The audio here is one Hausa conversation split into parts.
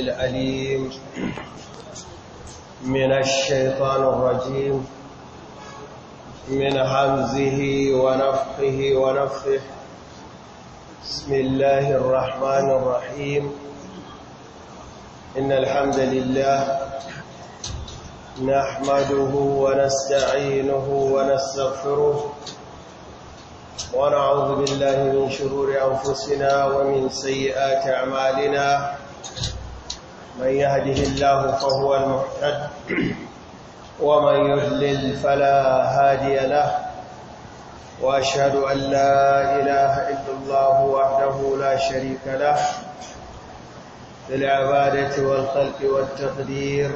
العليم من الشيطان الرجيم من همزه ونفقه ونفه بسم الله الرحمن الرحيم إن الحمد لله نحمده ونستعينه ونستغفره ونعوذ بالله من شرور أنفسنا ومن سيئات أعمالنا من يهده الله فهو المحتد ومن يذلل فلا هادي له واشهد ان لا اله الا الله وحده لا شريك له في العباده والخلق والتقدير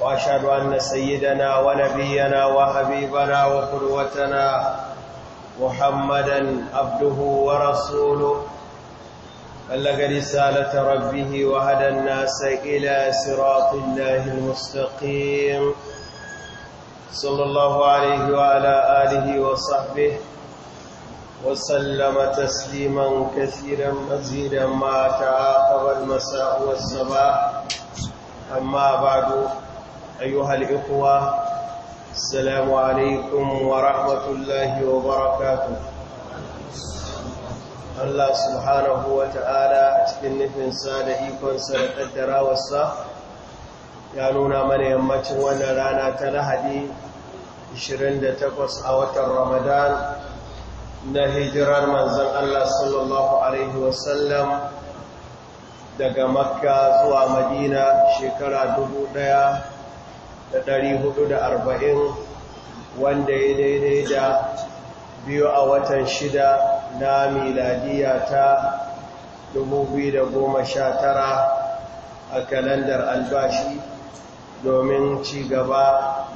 واشهد ان سيدنا ونبينا وحبيبنا وقدوتنا محمدا عبده ورسوله بلغ رسالة ربه وهدى الناس إلى صراط الله المستقيم صلى الله عليه وعلى آله وصحبه وسلم تسليما كثيرا مزيدا ما تعاقب المساء والصباح أما بعد أيها الإخوة السلام عليكم ورحمة الله وبركاته Allah subhanahu wa ta'ala a cikin nufinsa da ikonsa da wasa ya nuna mana yammacin wannan rana ta lahadi 28 a watan ramadan na hijirar manzan Allah sallallahu Alaihi wasallam daga makka zuwa madina shekara da arba'in, wanda ya daidai da biyu a watan shida na miladiya ta 2019 a kalandar albashi domin ci gaba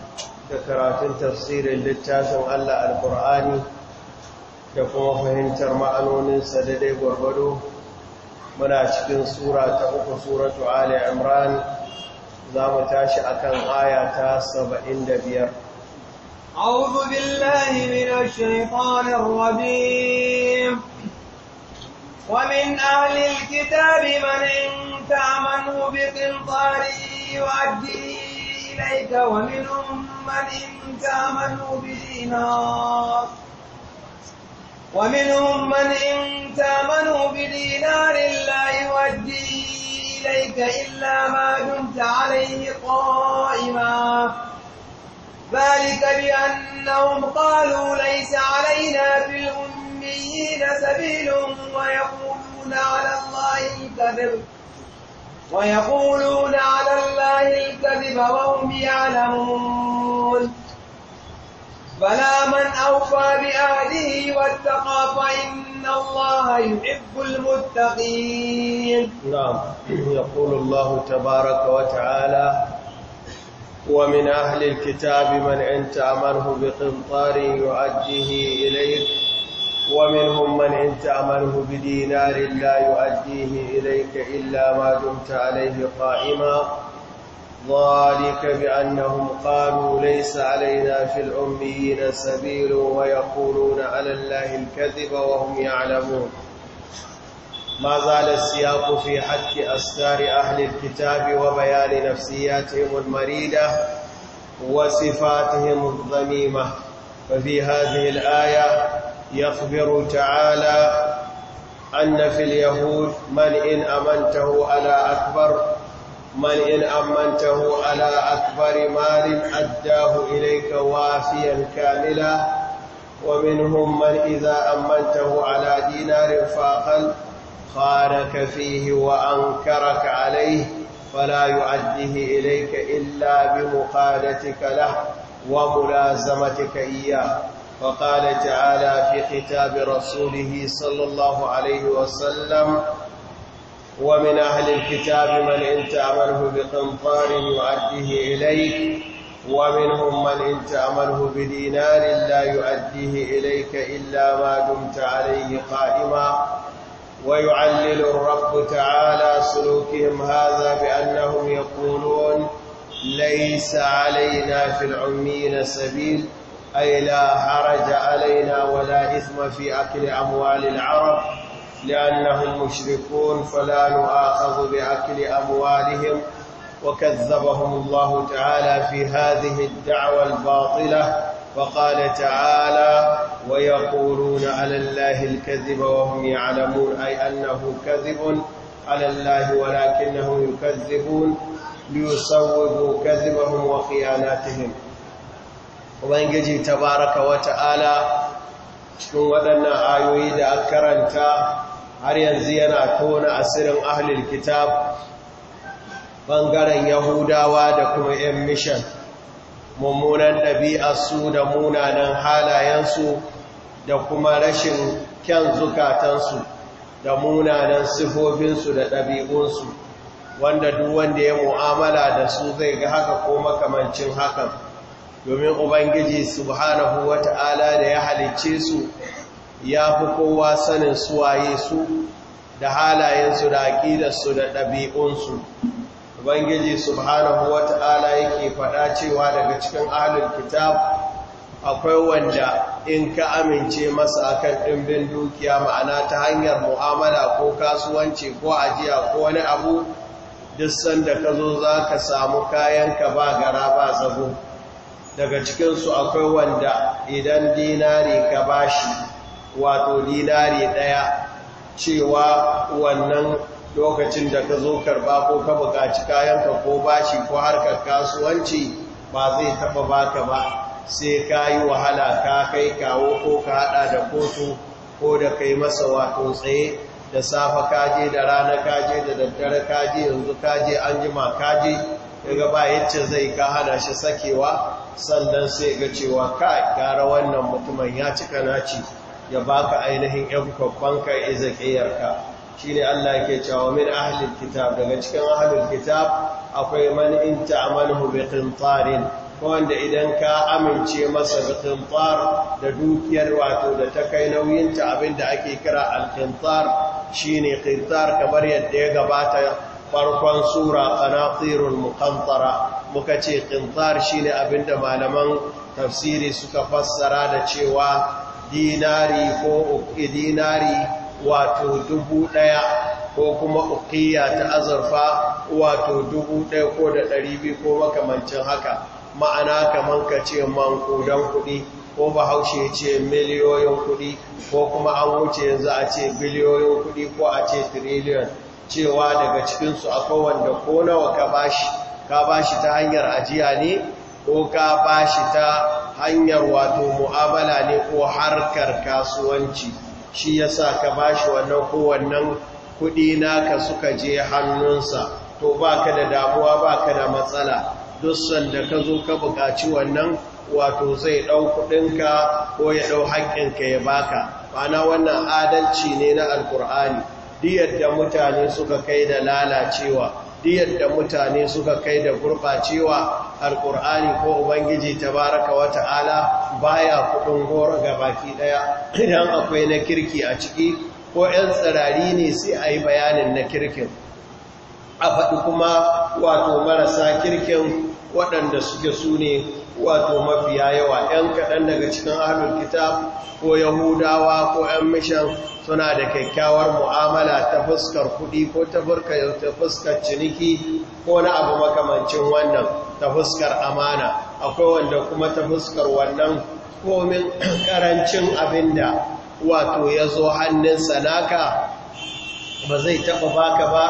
da karatun tafsirin littafin Allah alkur'ani da kuma fahimtar ma'anoninsa da dai gwargwado muna cikin sura ta uku suratu Ali Imran za mu tashi akan aya ta 75 أعوذ بالله من الشيطان الرجيم ومن أهل الكتاب من إن تأمنوا بقنطار يؤديه إليك ومنهم من إن تأمنوا بدينار ومنهم من إن تأمنوا بدينار لا يؤديه إليك إلا ما دمت عليه قائما ذلك بأنهم قالوا ليس علينا في الأمة الأميين سبيل ويقولون على الله الكذب ويقولون على الله الكذب وهم يعلمون بلى من أوفى بأهله واتقى فإن الله يحب المتقين نعم يقول الله تبارك وتعالى ومن أهل الكتاب من إن تأمنه بقنطار يؤديه إليك ومنهم من إن تعمله بدينار لا يؤديه إليك إلا ما دمت عليه قائما ذلك بأنهم قالوا ليس علينا في الأميين سبيل ويقولون على الله الكذب وهم يعلمون ما زال السياق في حد أستار أهل الكتاب وبيان نفسياتهم المريدة وصفاتهم الضميمة ففي هذه الآية يخبر تعالى أن في اليهود من إن أمنته على أكبر من إن أمنته على أكبر مال أداه إليك وافيا كاملا ومنهم من إذا أمنته على دينار فاقل خانك فيه وأنكرك عليه فلا يؤديه إليك إلا بمقادتك له وملازمتك إياه وقال تعالى في كتاب رسوله صلى الله عليه وسلم ومن أهل الكتاب من إن تعمله بقنطار يؤديه إليك ومنهم من إن تعمله بدينار لا يؤديه إليك إلا ما دمت عليه قائما ويعلل الرب تعالى سلوكهم هذا بأنهم يقولون ليس علينا في العمين سبيل أي لا حرج علينا ولا إثم في أكل أموال العرب لأنهم مشركون فلا نؤاخذ بأكل أموالهم وكذبهم الله تعالى في هذه الدعوة الباطلة وقال تعالى ويقولون على الله الكذب وهم يعلمون أي أنه كذب على الله ولكنهم يكذبون ليصوبوا كذبهم وخياناتهم ubangiji tabaraka wa ta'ala cikin waɗannan ayoyi da aka karanta har yanzu yana tona asirin ahlil kitab ɓangaren yahudawa da kuma yan mishan mummunan ɗabi'arsu da munanan halayensu da kuma rashin kyan zukatansu da munanan sifofinsu da ɗabi'unsu wanda duk wanda ya mu'amala da su zai ga haka ko makamancin hakan domin ubangiji subhanahu wata'ala da ya halicce su ya fi kowa sanin suwaye su da halayensu da aƙidarsu da ɗabi'unsu ubangiji subhanahu wata'ala yake faɗa cewa daga cikin ahalin kitab akwai wanda in ka amince masa a kan ɗimbin dukiya ma'ana ta hanyar mu'amala ko kasuwanci ko ajiya ko wani abu duk sanda ka zo za ka samu kayanka ba gara ba zabo daga cikinsu akwai wanda idan dinari ka bashi wato dinari ɗaya cewa wannan lokacin da ka zo karba ko ka buƙaci kayanka ko bashi ko harkar kasuwanci ba zai taɓa baka ba sai ka yi wahala ka kai kawo ko ka haɗa da kotu ko da kai masa wato tsaye da safa kaje da rana kaje da daddare kaje yanzu kaje an jima kaje daga ba yacce zai ka hana shi sakewa sannan sai ga cewa ka gara wannan mutumin ya cika naci ya baka ainihin ‘yan ya iza ƙiyarka shi ne Allah ke cewa min ahalin kitab daga cikin ahalin kitab akwai mani in ta'amalu bi qintarin wanda idan ka amince masa bi da dukiyar wato da ta kai nauyin ta da ake kira al shi ne kintar kamar yadda ya gabata farkon sura qanatirul mukantara muka ce ƙintar shi ne abinda malaman tafsiri suka fassara da cewa dinari ko dinari wato dubu ɗaya ko kuma ukiya ta azurfa wato dubu ɗaya ko da ɗari biyu ko makamancin haka ma'ana kamar ka ce mankudan kuɗi ko bahaushe ce miliyoyin kuɗi ko kuma an wuce yanzu a ce biliyoyin kuɗi ko a ce triliyon cewa daga cikinsu akwai wanda ko nawa ka bashi ka ba shi ta hanyar ajiya ne ko ka ba shi ta hanyar wato mu'amala ne ko harkar kasuwanci shi yasa ka ba shi wannan kowannan kuɗi naka suka je hannunsa to ba ka da damuwa ba ka da matsala duk sanda ka zo ka buƙaci wannan wato zai ɗau kuɗinka ko ya ɗau haƙƙinka ya baka mana wannan adalci ne na alkur'ani diyar da mutane suka kai da lalacewa diyar da mutane suka kai da gurɓacewa alƙur'ani ko ubangiji tabaraka wata'ala ta'ala baya kuɗin goro ga baki ɗaya idan akwai na kirki a ciki ko 'yan tsirari ne sai a yi bayanin na kirkin a faɗi kuma wato marasa kirkin waɗanda suke su ne wato mafiya yawa ‘yan kaɗan daga cikin ahlul kitab ko yahudawa ko ‘yan mishan suna da kyakkyawar mu'amala ta fuskar kuɗi ko ta fuskar ciniki ko na abu makamancin wannan ta fuskar amana akwai wanda kuma ta fuskar wannan komin ƙarancin da wato ya zo hannun sanaka ba zai taɓa baka ba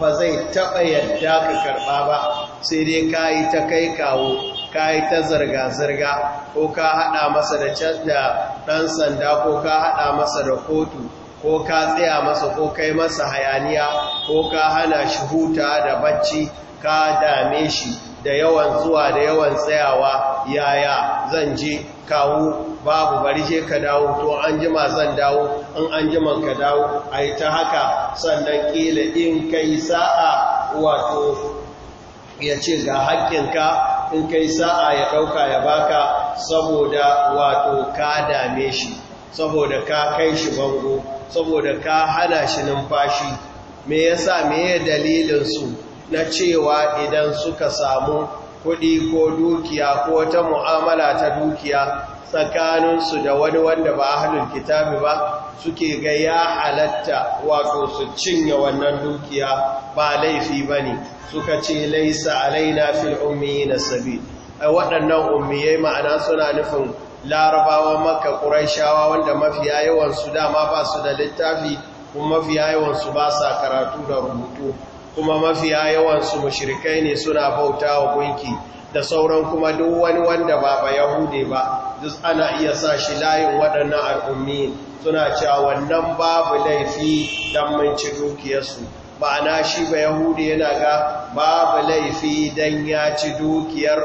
ba zai taɓa yadda ka karɓa ba sai dai ka yi ta kai kawo ka yi ta zirga-zirga ko ka haɗa masa da da ɗan sanda ko ka haɗa masa da kotu ko ka tsaya masa ko kai masa hayaniya ko ka hana shi huta da bacci ka dame shi da yawan zuwa da yawan tsayawa yaya zan je kawo babu bari je ka dawo to an jima zan dawo in an ka dawo a yi ta haka sannan ƙila in kai sa'a wato ya ce ga haƙƙinka in kai sa'a ya ɗauka ya baka saboda wato ka dame shi saboda ka kai shi bango saboda ka hana shi numfashi me yasa me dalilin su na cewa idan suka samu kuɗi ko dukiya ko wata mu'amala ta dukiya tsakaninsu da wani wanda ba halin kitabi ba suke ga ya halatta wato su cinye wannan dukiya ba laifi ba ne suka ce laisa alaina fil ummiyi na sabi a waɗannan ummiyai ma'ana suna nufin larabawa maka ƙuraishawa wanda mafiya yawansu dama ba su da littafi kuma mafiya yawansu ba sa karatu da rubutu kuma mafiya su mushrikai ne suna bauta wa gunki da sauran kuma duk wani wanda ba ba yahude ba duk ana iya sa shi layin waɗannan al'ummi suna cewa wannan babu laifi don manci dukiyarsu ba na shi ba yahude yana ga babu laifi don ya ci dukiyar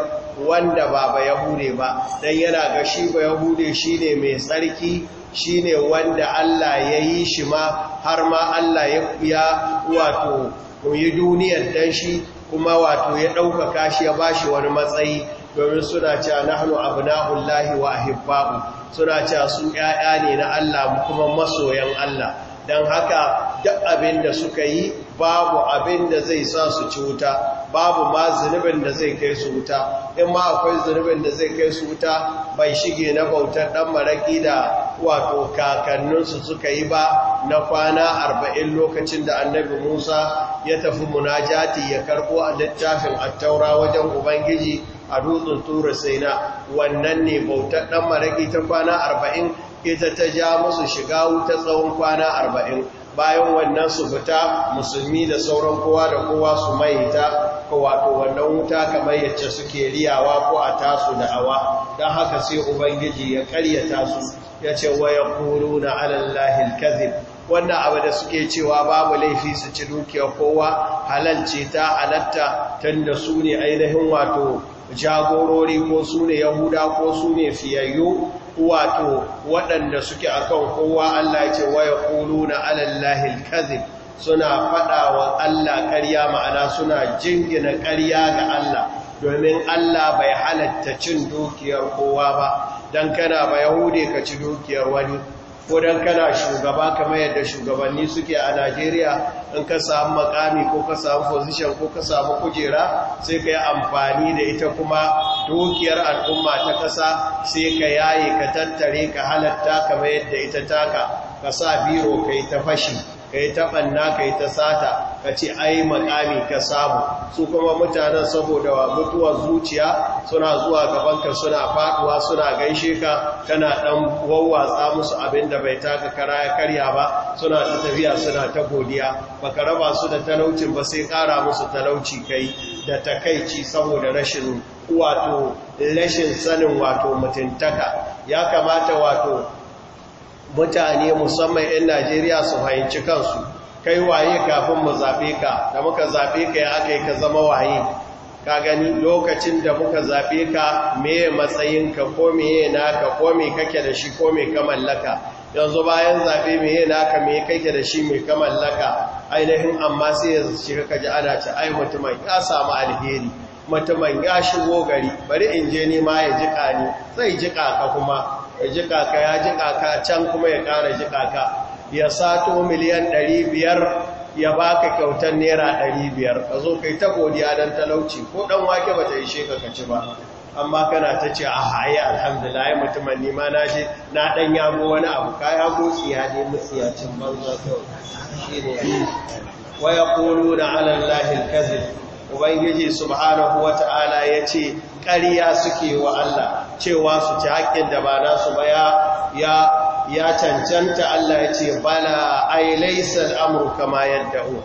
wanda ba ba yahude ba don yana ga shi ba yahude shi ne mai tsarki shi ne wanda Allah ya yi shi ma har ma Allah ya wato mu yi duniyar dan shi kuma wato ya ɗaukaka shi ya ba shi wani matsayi domin suna cewa nahnu abna'ullahi wa ahibba'u suna cewa su 'ya'ya ne na Allah kuma masoyan Allah dan haka duk abin da suka yi babu abin da zai sa su ci wuta babu ma zunubin da zai kai su wuta in ma akwai zunubin da zai kai su wuta bai shige na bautar ɗan maraƙi da wato kakanninsu suka yi ba na kwana arba'in lokacin da annabi musa ya tafi munajati ya karɓo a littafin attaura wajen ubangiji a dutsen tura saina wannan ne bautar ɗan maraki ta kwana arba'in ita ta ja musu shiga wuta tsawon kwana arba'in bayan wannan su fita musulmi da sauran kowa da kowa su ta. wato wannan wuta kamar yacce suke riyawa ko a tasu da'awa don haka sai ubangiji ya karyata su ya ce wa kuru na alallahin kazib wannan abu da suke cewa babu laifi su ci dukiyar kowa halalce ta alatta tun da su ne ainihin wato jagorori ko su ne yahuda ko su ne fiyayyo wato waɗanda suke akan kowa allah ce wa kuru na alallahin kazib suna fada wa Allah ƙarya ma'ana suna jingina ƙarya ga Allah domin Allah bai halatta cin dukiyar kowa ba don kana ba yahude ka ci dukiyar wani ko don kana shugaba kamar yadda shugabanni suke a Najeriya in ka samu makami ko ka samu position ko ka samu kujera sai ka yi amfani da ita kuma dukiyar al'umma ta kasa sai ka yaye ka tattare ka halatta kamar yadda ita taka ka sa biro ka yi ta fashi ka yi taɓanna ka yi ta sata ka ce ai makami ka samu su kuma mutanen saboda mutuwar zuciya suna zuwa gabanka suna faɗuwa suna gaishe ka kana ɗan wawwatsa musu abin da bai taka kara ya karya ba suna ta tafiya suna ta godiya ba ka raba su da talaucin ba sai ƙara musu talauci kai da takaici saboda rashin wato rashin sanin wato mutuntaka ya kamata wato mutane musamman 'yan najeriya su fahimci kansu kai waye kafin mu zaɓe ka da muka zaɓe ka ya aka yi ka zama waye ka gani lokacin da muka zaɓe ka meye matsayinka ko meye naka ko me kake da shi ko me ka mallaka yanzu bayan zaɓe meye naka me kake da shi me ka mallaka ainihin amma sai ya ka kaji ana ci ai mutumin ya samu alheri mutumin ya shigo gari bari in je nema ya jika ni zai jika ka kuma ya ji kaka ya ji kaka can kuma ya kara ji kaka ya sato miliyan 500 ya baka kyautar naira 500 ka zo kai ta godiya don talauci ko dan wake bata yi sheka ka ci ba amma kana ta ce a haya alhamdulillah mutumin nima na shi na dan yago wani abu ka yago tsiya ne cin banza kawai shi ne wa yaquluna ala allahi alkazib ubangiji subhanahu wataala yace ƙarya suke wa Allah cewa su ci haƙƙin da ba nasu ba ya cancanta Allah ya ce bala ai amurka amru kama yad'u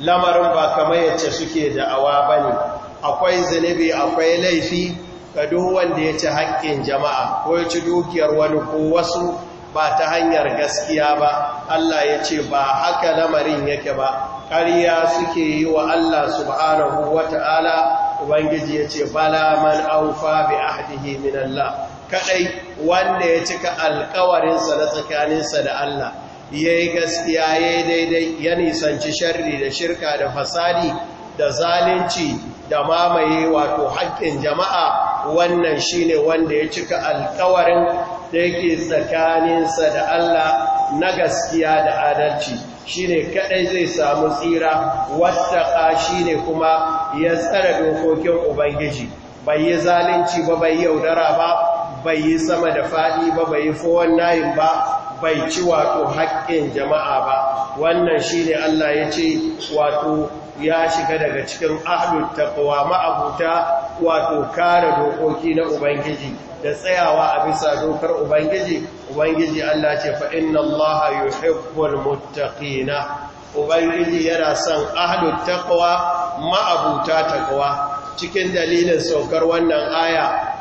lamarin ba kamar yace suke da da'awa bane akwai zanibi akwai laifi ga duk wanda ya ci haƙƙin jama'a ko ya ci dukiyar wani ko wasu ba ta hanyar gaskiya ba Allah ya ce ba haka lamarin yake ba ƙarya suke yi wa Allah subhanahu wata'ala ubangiji ya ce bala man aufa bi ahdihi min Allah kaɗai wanda ya cika alkawarinsa na tsakaninsa da Allah ya yi gaskiya ya yi daidai ya nisanci sharri da shirka da fasadi da zalunci da mamaye wato haƙƙin jama'a wannan shi ne wanda ya cika alkawarin da yake tsakaninsa da Allah na gaskiya da adalci shine kaɗai zai samu tsira shi shine kuma ya tsara dokokin ubangiji bai yi zalunci ba bai yaudara ba bai yi sama da faɗi ba bai yi fowon nayin ba bai ci wato haƙƙin jama'a ba wannan shi ne Allah ya ce wato ya shiga daga cikin ahlul taqwa ma'abuta wato kare dokoki na ubangiji da tsayawa a bisa dokar ubangiji ubangiji Allah ce fa inna allaha yuhibbul muttaqina ubangiji yana son ahlul taqwa ma'abuta taqwa cikin dalilin saukar wannan aya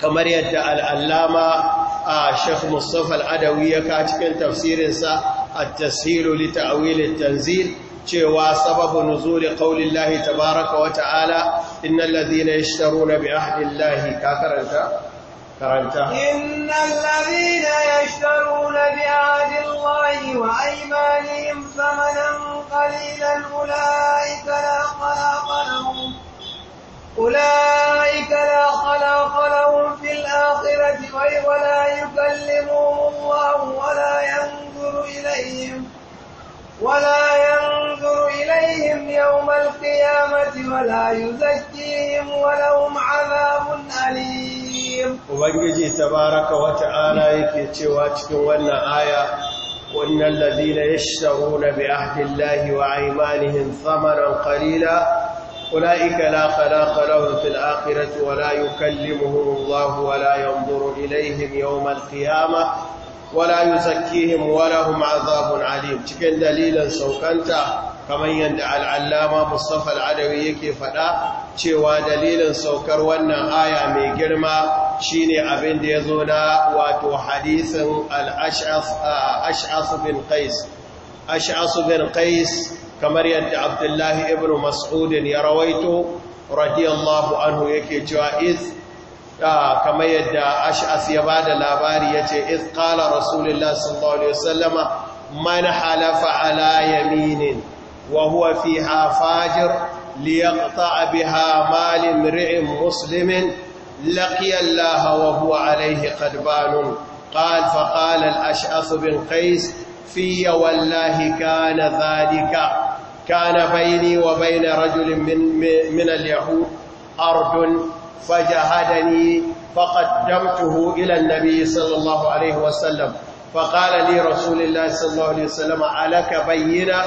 kamar yadda al'allama a Sheikh Mustapha al'adawi ya ka cikin tafsirinsa a tasiru lita'awilin tanzir cewa sababu nuzuri ƙaunin lahi tabaraka wa ta'ala inna lalzina ya shi taru na bi ahdin lahi ka karanta? إن الذين يشترون بعهد الله وأيمانهم ثمنا قليلا أولئك لا خلاق لهم أولئك لا خلاق لهم في الآخرة ولا يكلمهم الله ولا ينظر إليهم ولا ينظر إليهم يوم القيامة ولا يزكيهم ولهم عذاب أليم rahim ubangiji baraka wata ta'ala yake cewa cikin wannan aya wannan ladina na bi ahdillahi wa aymanihim thamaran qalila ulaika la khalaqa lahum fil akhirati wa la yukallimuhum Allah wa la yanzuru ilayhim yawm al wa la yuzakkihim wa lahum azabun alim cikin dalilan saukanta kamar yadda al'allama Mustapha al'adawi yake faɗa cewa dalilin saukar wannan aya mai girma shine abin da ya zo na wato hadisin al-ash'as ah, bin qais bin kamar yadda abdullahi ibn Mas'udin ya rawaito radiyallahu anhu yake cewa iz ah, kamar yadda ash'as ya bada labari yace iz qala rasulullahi sallallahu alaihi wasallama man halafa ala yaminin wa huwa fiha fajir liyaqta biha Malam ri'in Musulmin. لقي الله وهو عليه قدبان قال فقال الأشعث بن قيس في والله كان ذلك كان بيني وبين رجل من, من اليهود أرض فجهدني فقدمته إلى النبي صلى الله عليه وسلم فقال لي رسول الله صلى الله عليه وسلم عليك بينا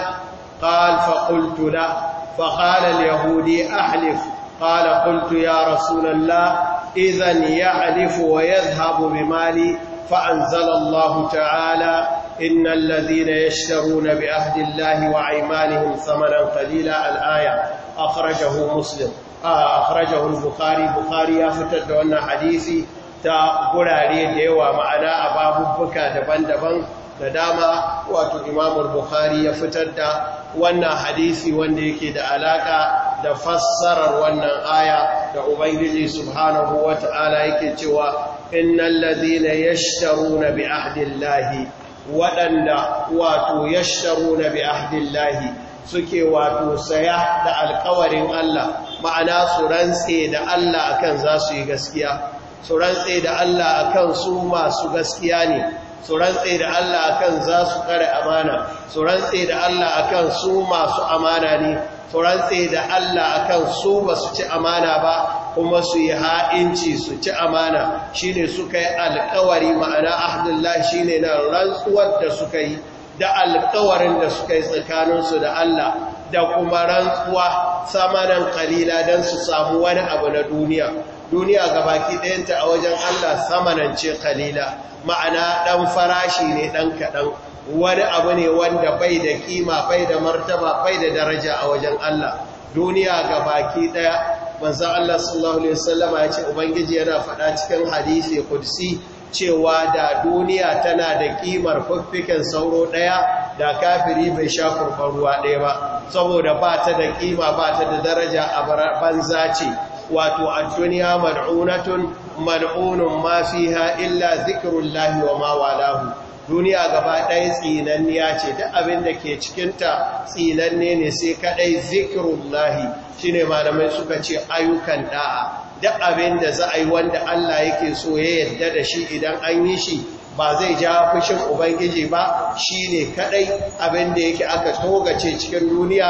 قال فقلت له فقال اليهودي أحلف قال قلت يا رسول الله إذن يعرف ويذهب بمالي فأنزل الله تعالى إن الذين يشترون بأهد الله وعيمانهم ثمنا قليلا الآية أخرجه مسلم آه أخرجه البخاري بخاري أفتد أن حديثي ta gurare da yawa ma'ana a babu buka daban-daban da dama wato imamul bukhari ya fitar da wannan hadisi wanda yake da alaka da fassarar wannan aya da ubangiji subhanahu wata'ala yake cewa innal ladhina yashtaruna bi ahdillahi waɗanda wato yashtaruna bi ahdillahi suke wato saya da alƙawarin Allah ma'ana su rantse da Allah akan za su yi gaskiya su rantse da Allah akan su masu gaskiya ne su rantse da Allah akan za su kare amana su rantse da Allah akan su masu amana ne su rantse da Allah akan su ba su ci amana ba kuma su yi ha'inci su ci amana shine suka yi alkawari ma'ana ahdullahi shine na rantsuwar da suka yi da alkawarin da suka yi tsakaninsu da Allah da kuma rantsuwa samanan kalila don su samu wani abu na duniya duniya ga gabaki ɗayanta a wajen Allah samanance kalila ma'ana ɗan farashi ne ɗan kaɗan wani abu ne wanda bai da kima bai da martaba bai da daraja a wajen Allah duniya gabaki ɗaya manzan Allah sallallahu Alaihi wasallama ya ce Ubangiji yana faɗa cikin hadisi kudsi cewa da duniya tana da ƙimar fiffiken sauro ɗaya da kafiri bai sha kurban ruwa ɗaya ba saboda ba ta da kima ba ta da daraja a banza ce wato a duniya mal'unatun mal'unun ma fiha illa zikrullahi wa ma walahu duniya gaba ɗaya tsinanniya ce duk abin da ke cikinta tsinanne ne sai kaɗai zikirullahi shi ne malamai suka ce ayyukan da'a duk abin da za a yi wanda Allah yake so ya yadda da shi idan an yi shi ba zai ja fushin ubangiji ba shi ne kaɗai abin da yake aka togace cikin duniya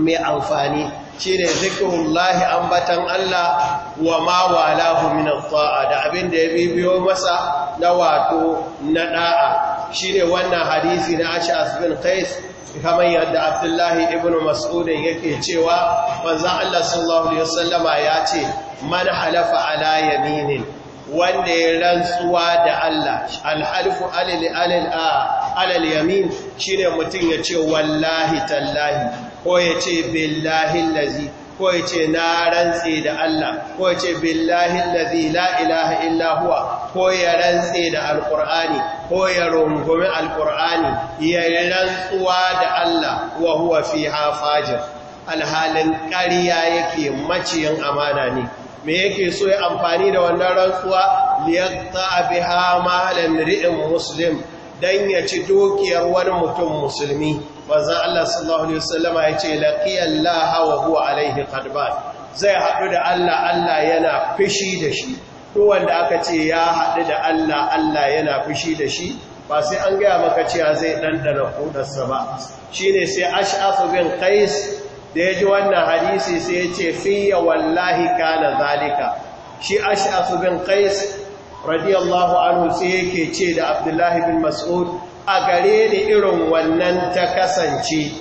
mai amfani Shi shine zikrullahi ambatan Allah wa ma wa min at da abin da ya bibiyo masa na wato na ɗa'a. Shi ne wannan hadisi na Ash'as bin kais kamar yadda Abdullahi ibn mas'udin yake cewa manzo Allah sallallahu alaihi wasallama ya ce man halafa ala yaminin wanda ya rantsuwa da Allah alhalfu alal a alal yamin ne mutum ya ce wallahi tallahi ko ya ce billahi lazi ko ya ce na rantse da Allah ko ya ce billahi lazi la ilaha illa huwa ko ya rantse da alkur'ani ko ya rungumi alkur'ani ya rantsuwa da Allah wa huwa ha fajir alhalin ƙarya yake maciyin amana ne me yake so ya amfani da wannan rantsuwa liyaqta biha malam ri'in muslim don ya ci dukiyar wani mutum musulmi maza Allah sallallahu Alaihi wasallama ya ce laƙiyar lahawa huwa alaihi ƙadban zai haɗu da Allah Allah yana fishi da shi wanda aka ce ya haɗu da Allah Allah yana fishi da shi ba sai an gaya maka cewa zai ɗanɗana kudarsa ba shi ne sai ash'afu bin qais da ya ji wannan hadisi sai ya ce fiye wallahi kana zalika shi ash'afu bin qais radiyallahu anhu sai yake ce da abdullahi bin mas'ud a gare ni irin wannan ta kasance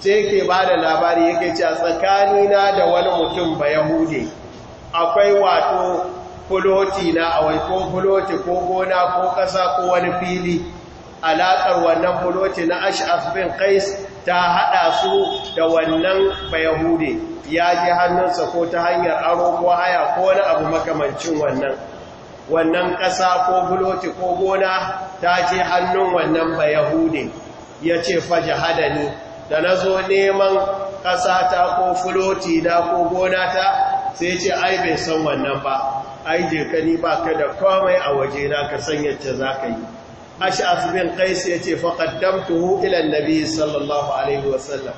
sai yake ba da labari yake ce a tsakanina da wani mutum ba yahude akwai wato fuloti na awai ko fuloti ko gona ko ƙasa ko wani fili alaƙar wannan fuloti na ash'af bin qais ta haɗa su da wannan yahude ya ji hannunsa ko ta hanyar aro ko haya ko wani abu makamancin wannan wannan ƙasa ko buloti ko gona ta ce hannun wannan ba yahude ya ce faji hadani da na zo neman ƙasa ta ko fuloti na ko gona ta sai ce ai bai san wannan ba ai ni ba ka da komai a waje na ka san yadda za ka yi ash'af bin qais ce fa qaddamtuhu ila nabi sallallahu alaihi wasallam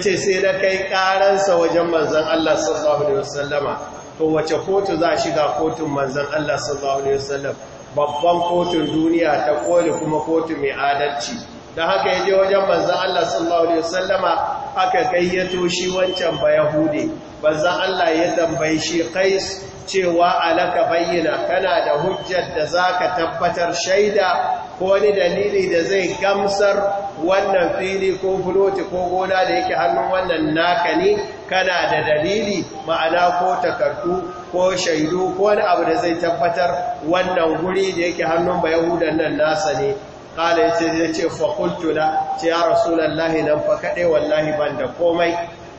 ce sai da kai karansa wajen manzon Allah sallallahu alaihi wasallama to wace kotu za shiga kotun manzan Allah sallallahu alaihi wasallam babban kotun duniya ta koli kuma kotu mai adalci da haka yaje wajen manzan Allah sallallahu alaihi wasallama aka gayyato shi wancan ba yahude manzan Allah ya tambaye shi Qais cewa alaka bayyana kana da hujjar da za ka tabbatar shaida ko wani dalili da zai gamsar wannan fili ko fuloti ko gona da yake hannun wannan naka ne kana da dalili ma'ana ko takardu ko shaidu ko wani abu da zai tabbatar wannan guri da yake hannun bayahudan nan nasa ne kala yace ce fa qultu ya rasulullahi nan fa kade wallahi ban komai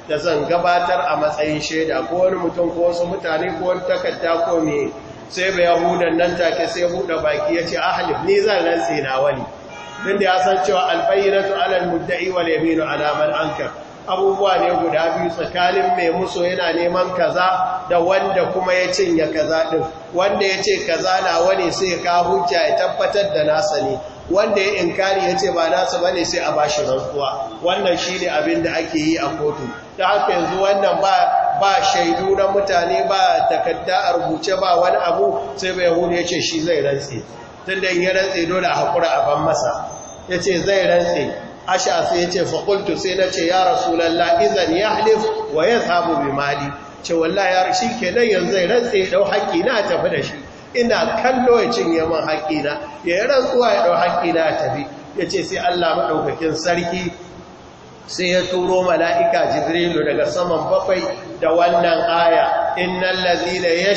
da zan gabatar a matsayin shaida ko wani mutum ko wasu mutane ko wani takarda ko me sai bai huda nan take sai buɗe baki ya ce ahli, ni zan rantse na wani din da ya san cewa albayyinatu ala almudda'i wal yaminu ala man ankar abubuwa ne guda biyu tsakanin mai muso yana neman kaza da wanda kuma ya cinye kaza din wanda ya ce kaza na wani sai ka hujja ya tabbatar da nasa ne wanda ya inkari ya ce ba nasa ba ne sai a ba shi rantsuwa wannan shi ne abin da ake yi a kotu ta haka yanzu wannan ba shaidu na mutane ba takadda a rubuce ba wani abu sai bai hudu ya ce shi zai rantse tun da yi rantse dole a haƙura a ban masa ya ce zai rantse asha sai ya ce faƙultu sai na ce ya rasu lalla izan ya halif wa ya bi mali ce wallah ya shi kenan yanzu zai rantse ɗau haƙƙi na tafi da shi ina kallo ya cinye mun haƙina ya yi rantsuwa ya ɗau haƙina ya tafi ya ce sai Allah maɗaukakin sarki sai ya turo mala'ika jibrilu daga saman bakwai da wannan aya innan da ya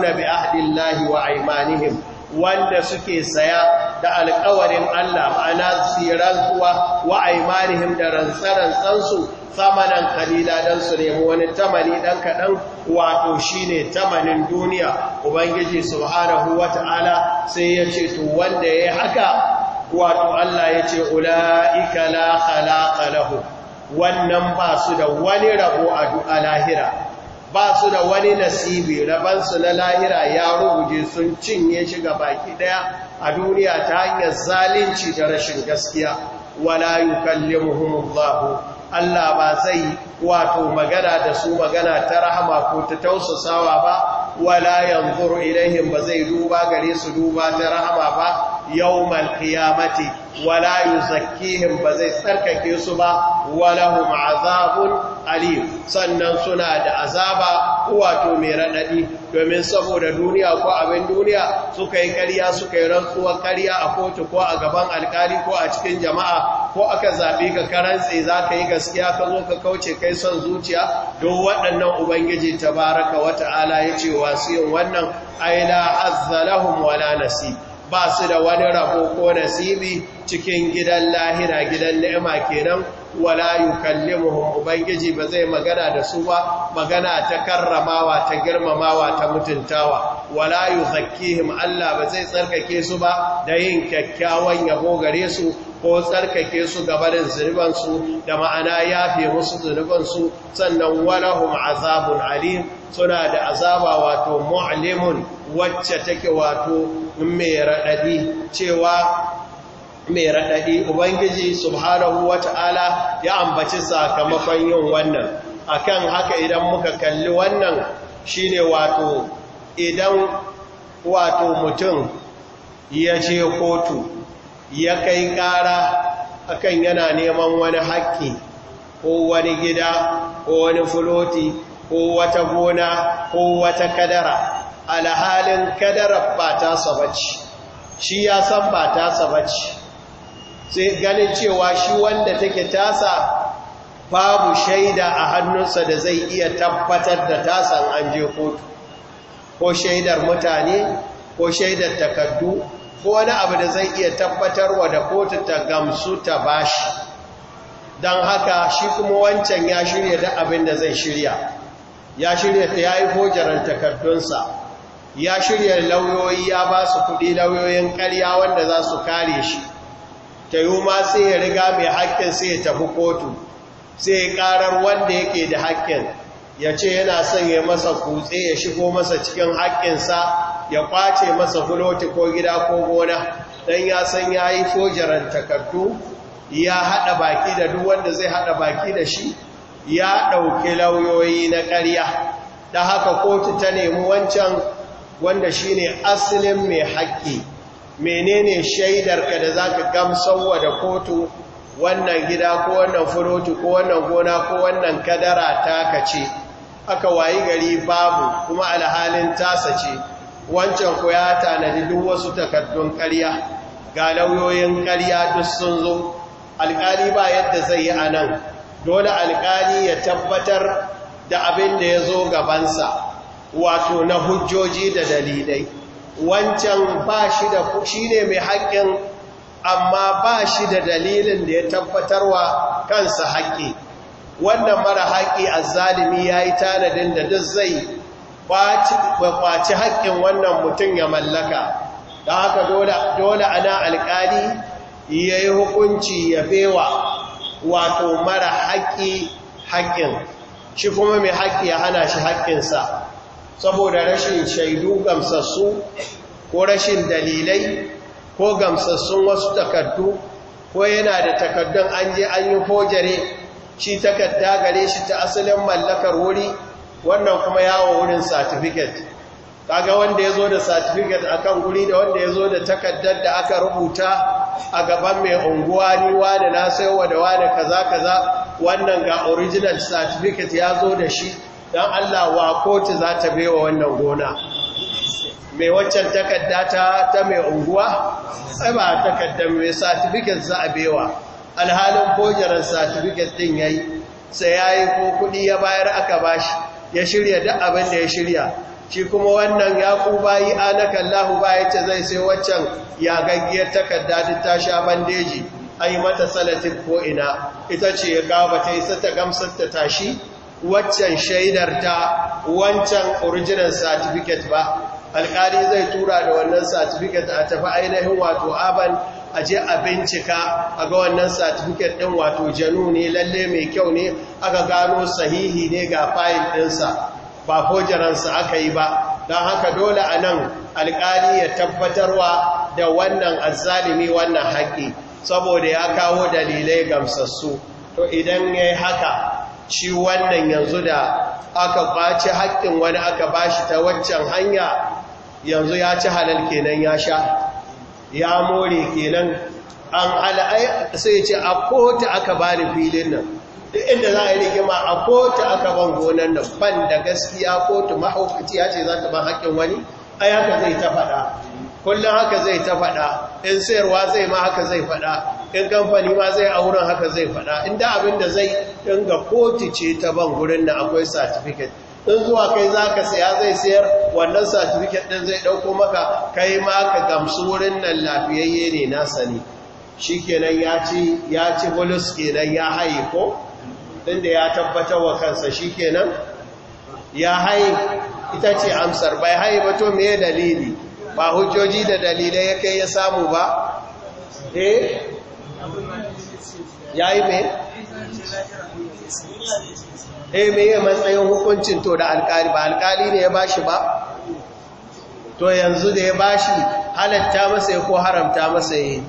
na bi ahdillahi wa aimanihim wanda suke saya da alƙawarin Allah ana siran kuwa wa aimarihim da rantsarantsansu samanan kalila don su nemi wani tamani dan kaɗan wato shi ne tamanin duniya ubangiji subhanahu wata'ala sai ya ce to wanda ya haka wato Allah ya ce ula'ika la khalaqa lahu wannan ba su da wani rabo a lahira ba su da wani nasibi rabansu na lahira ya ruguje sun cinye shi ga baki daya a duniya ta hanyar zalunci da rashin gaskiya wala yukallimuhumullahu Allah ba zai wato magana da su magana ta rahama ko ta tausasawa ba wala yanzuru ilaihim ba zai duba gare su duba ta rahama ba yawmal qiyamati wala yuzakkihim ba zai tsarkake su ba walahum azabun alim sannan suna da azaba wato mai radadi domin saboda duniya ko abin duniya suka yi karya suka yi rantsuwar karya a kotu ko a gaban alkali ko a cikin jama'a ko aka zaɓe ka karantse za ka yi gaskiya ka zo ka kauce kai son zuciya don waɗannan ubangiji tabaraka wata'ala ya ce wasu wannan aila azzalahum wala nasib ba su da wani rabo ko nasibi cikin gidan lahira gidan ni'ima kenan wala yukallimuhum ubangiji ba zai magana da su ba magana ta karramawa ta girmamawa ta mutuntawa wala yuzakkihim Allah ba zai tsarkake su ba da yin kyakkyawan yabo gare su ko tsarkake su gabanin su da ma'ana yafe musu su sannan walahum azabun alim suna da azaba wato mu'alimun wacce take wato mai raɗaɗi cewa mai raɗaɗi ubangiji subhanahu ta'ala, ya ambaci sakamakon yin wannan akan haka idan muka kalli wannan shine wato idan wato mutum ya je kotu ya kai ƙara akan yana neman wani haƙƙi ko wani gida ko wani fuloti ko wata gona ko wata kadara alhalin kadara ba ta sabaci shi ya san ba ta sabaci sai ganin cewa shi wanda take tasa babu shaida a hannunsa da zai iya tabbatar da tasan an je kotu ko shaidar mutane ko shaidar takardu ko wani abu da zai iya tabbatar wa da kotu ta gamsu ta bashi don haka shi kuma wancan ya shirya da abin da zai shirya ya shirya ta yi hojarar takardunsa ya shirya lauyoyi ya ba su kuɗi lauyoyin karya wanda za su kare shi ta yi ma sai ya riga mai haƙƙin sai ya tafi kotu sai ya ƙarar wanda yake da haƙƙin ya ce yana son ya masa kutse ya shigo masa cikin haƙƙinsa ya ƙwace masa fuloti ko gida ko gona don ya san ya yi fojaran takardu ya haɗa baki da duk wanda zai haɗa baki da shi ya ɗauki lauyoyi na ƙarya da haka kotu ta nemi wancan wanda shi ne asilin mai haƙƙi menene shaidarka da za ka gamsarwa da kotu wannan gida ko wannan furotu ko wannan gona ko wannan kadara ta ce aka wayi gari babu kuma alhalin tasa ce wancan ku ya tanadi duk wasu takardun ƙarya ga lauyoyin ƙarya duk sun zo alƙali ba yadda zai yi a nan dole alƙali ya tabbatar da abin da ya zo gabansa wato na hujjoji da dalilai wancan ba shi da shi ne mai haƙƙin amma ba shi da dalilin da ya tabbatarwa kansa haƙƙi wannan mara haƙƙi zalimi ya yi tanadin da duk zai kwaci haƙƙin wannan mutum ya mallaka da haka dole ana alƙali ya yi hukunci ya bewa wato mara haƙi haƙin shi kuma mai haƙi ya hana shi haƙinsa saboda rashin shaidu gamsassu ko rashin dalilai ko gamsassun wasu takardu ko yana da takardun an je an yi hojare shi takarda gare shi ta asalin mallakar wuri wannan kuma yawo wurin satifiket kaga wanda ya zo da certificate a kan guri da wanda ya zo da takaddar da aka rubuta a gaban mai unguwa ni wane na saiwa da wane kaza kaza wannan ga original certificate ya zo da shi don Allah wa kotu za ta bewa wannan gona mai waccan takadda ta ta mai unguwa sai ba takaddar mai satifiket za a bewa alhalin kogiran certificate din yi, sai yayi ko kudi ya bayar aka bashi ya shirya duk abin da ya shirya shi kuma wannan ya ku bayi anaka Allahu baya ce zai sai waccan ya gaggiya takarda duk ta sha bandeji ai mata salatin ko ina ita ce ya gaba ta isa ta gamsar ta tashi waccan shaidar ta wancan original certificate ba alƙali zai tura da wannan certificate a tafi ainihin wato aban a je a bincika a ga wannan certificate ɗin wato janu ne lalle mai kyau ne aka gano sahihi ne ga fayil ɗinsa ba jaransu aka yi ba don haka dole a nan alƙali ya tabbatarwa da wannan azalimi wannan haƙi saboda ya kawo dalilai gamsassu to idan ya haka shi wannan yanzu da aka ƙwace haƙƙin wani aka bashi ta waccan hanya yanzu ya ci halal kenan ya sha ya more kenan an al'ai sai ce a kota aka bani filin nan inda za a yi rigima a kotu aka ban gonan nan ban da gaskiya kotu mahaukaci ya ce za ta ban haƙƙin wani ai haka zai ta faɗa kullum haka zai ta faɗa in sayarwa zai ma haka zai faɗa in kamfani ma zai auren haka zai faɗa in da abin da zai dinga kotu ce ta ban gurin nan akwai satifiket. in zuwa kai za ka saya zai sayar wannan satifiket ɗin zai ɗauko maka kai ma ka gamsu wurin nan lafiyayye ne na, Sani. shi kenan ya ci bulus kenan ya haye ko din da ya tabbatar wa kansa shi kenan ya haye ita ce amsar bai haye ba to me dalili ba hujjoji da dalilai kai ya samu ba eh yayi me eh me ya matsayin hukuncin to da alkali ba alkali ne ya bashi ba to yanzu da ya bashi halatta masa ko haramta masa yi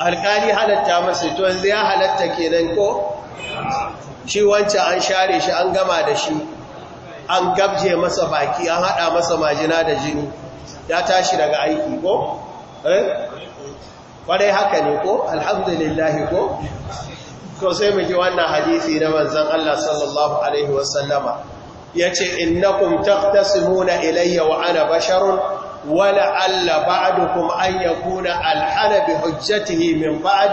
alkali halatta masa to yanzu ya halatta kenan ko shi wancan an share shi an gama da shi an gabje masa baki an hada masa majina da jini ya tashi daga aiki ko eh? kwarai haka ne ko alhamdulillahi ko ko sai muke wannan hadithi na manzon Allah sallallahu alaihi wasallama Ya ce, yace innakum taqtasimuna ilayya wa ana basharun wala alla kuma an yakuna al-hana bi hujjatihi min ba'd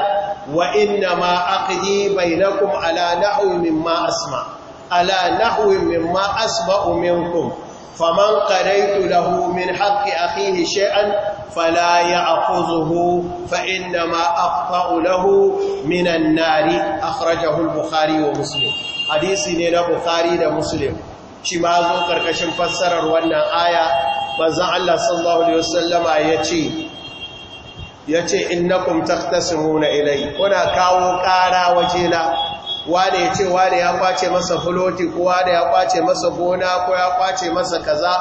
wa inna ma aqdi bainakum ala nahwi mimma asma ala nahwi mimma asba minkum faman qaraytu lahu min haqqi akhihi shay'an fala ya'khuzuhu fa inna ma aqta'u lahu min an-nari akhrajahu al-bukhari wa muslim hadisi ne na bukhari da muslim shi ma zo karkashin fassarar wannan aya manzan Allah sallallahu Alaihi wasallama ya ce ya ce innakum taqtasimuna ilai kuna kawo ƙara wajena wane ya ce wane ya kwace masa fuloti ko wane ya kwace masa gona ko ya kwace masa kaza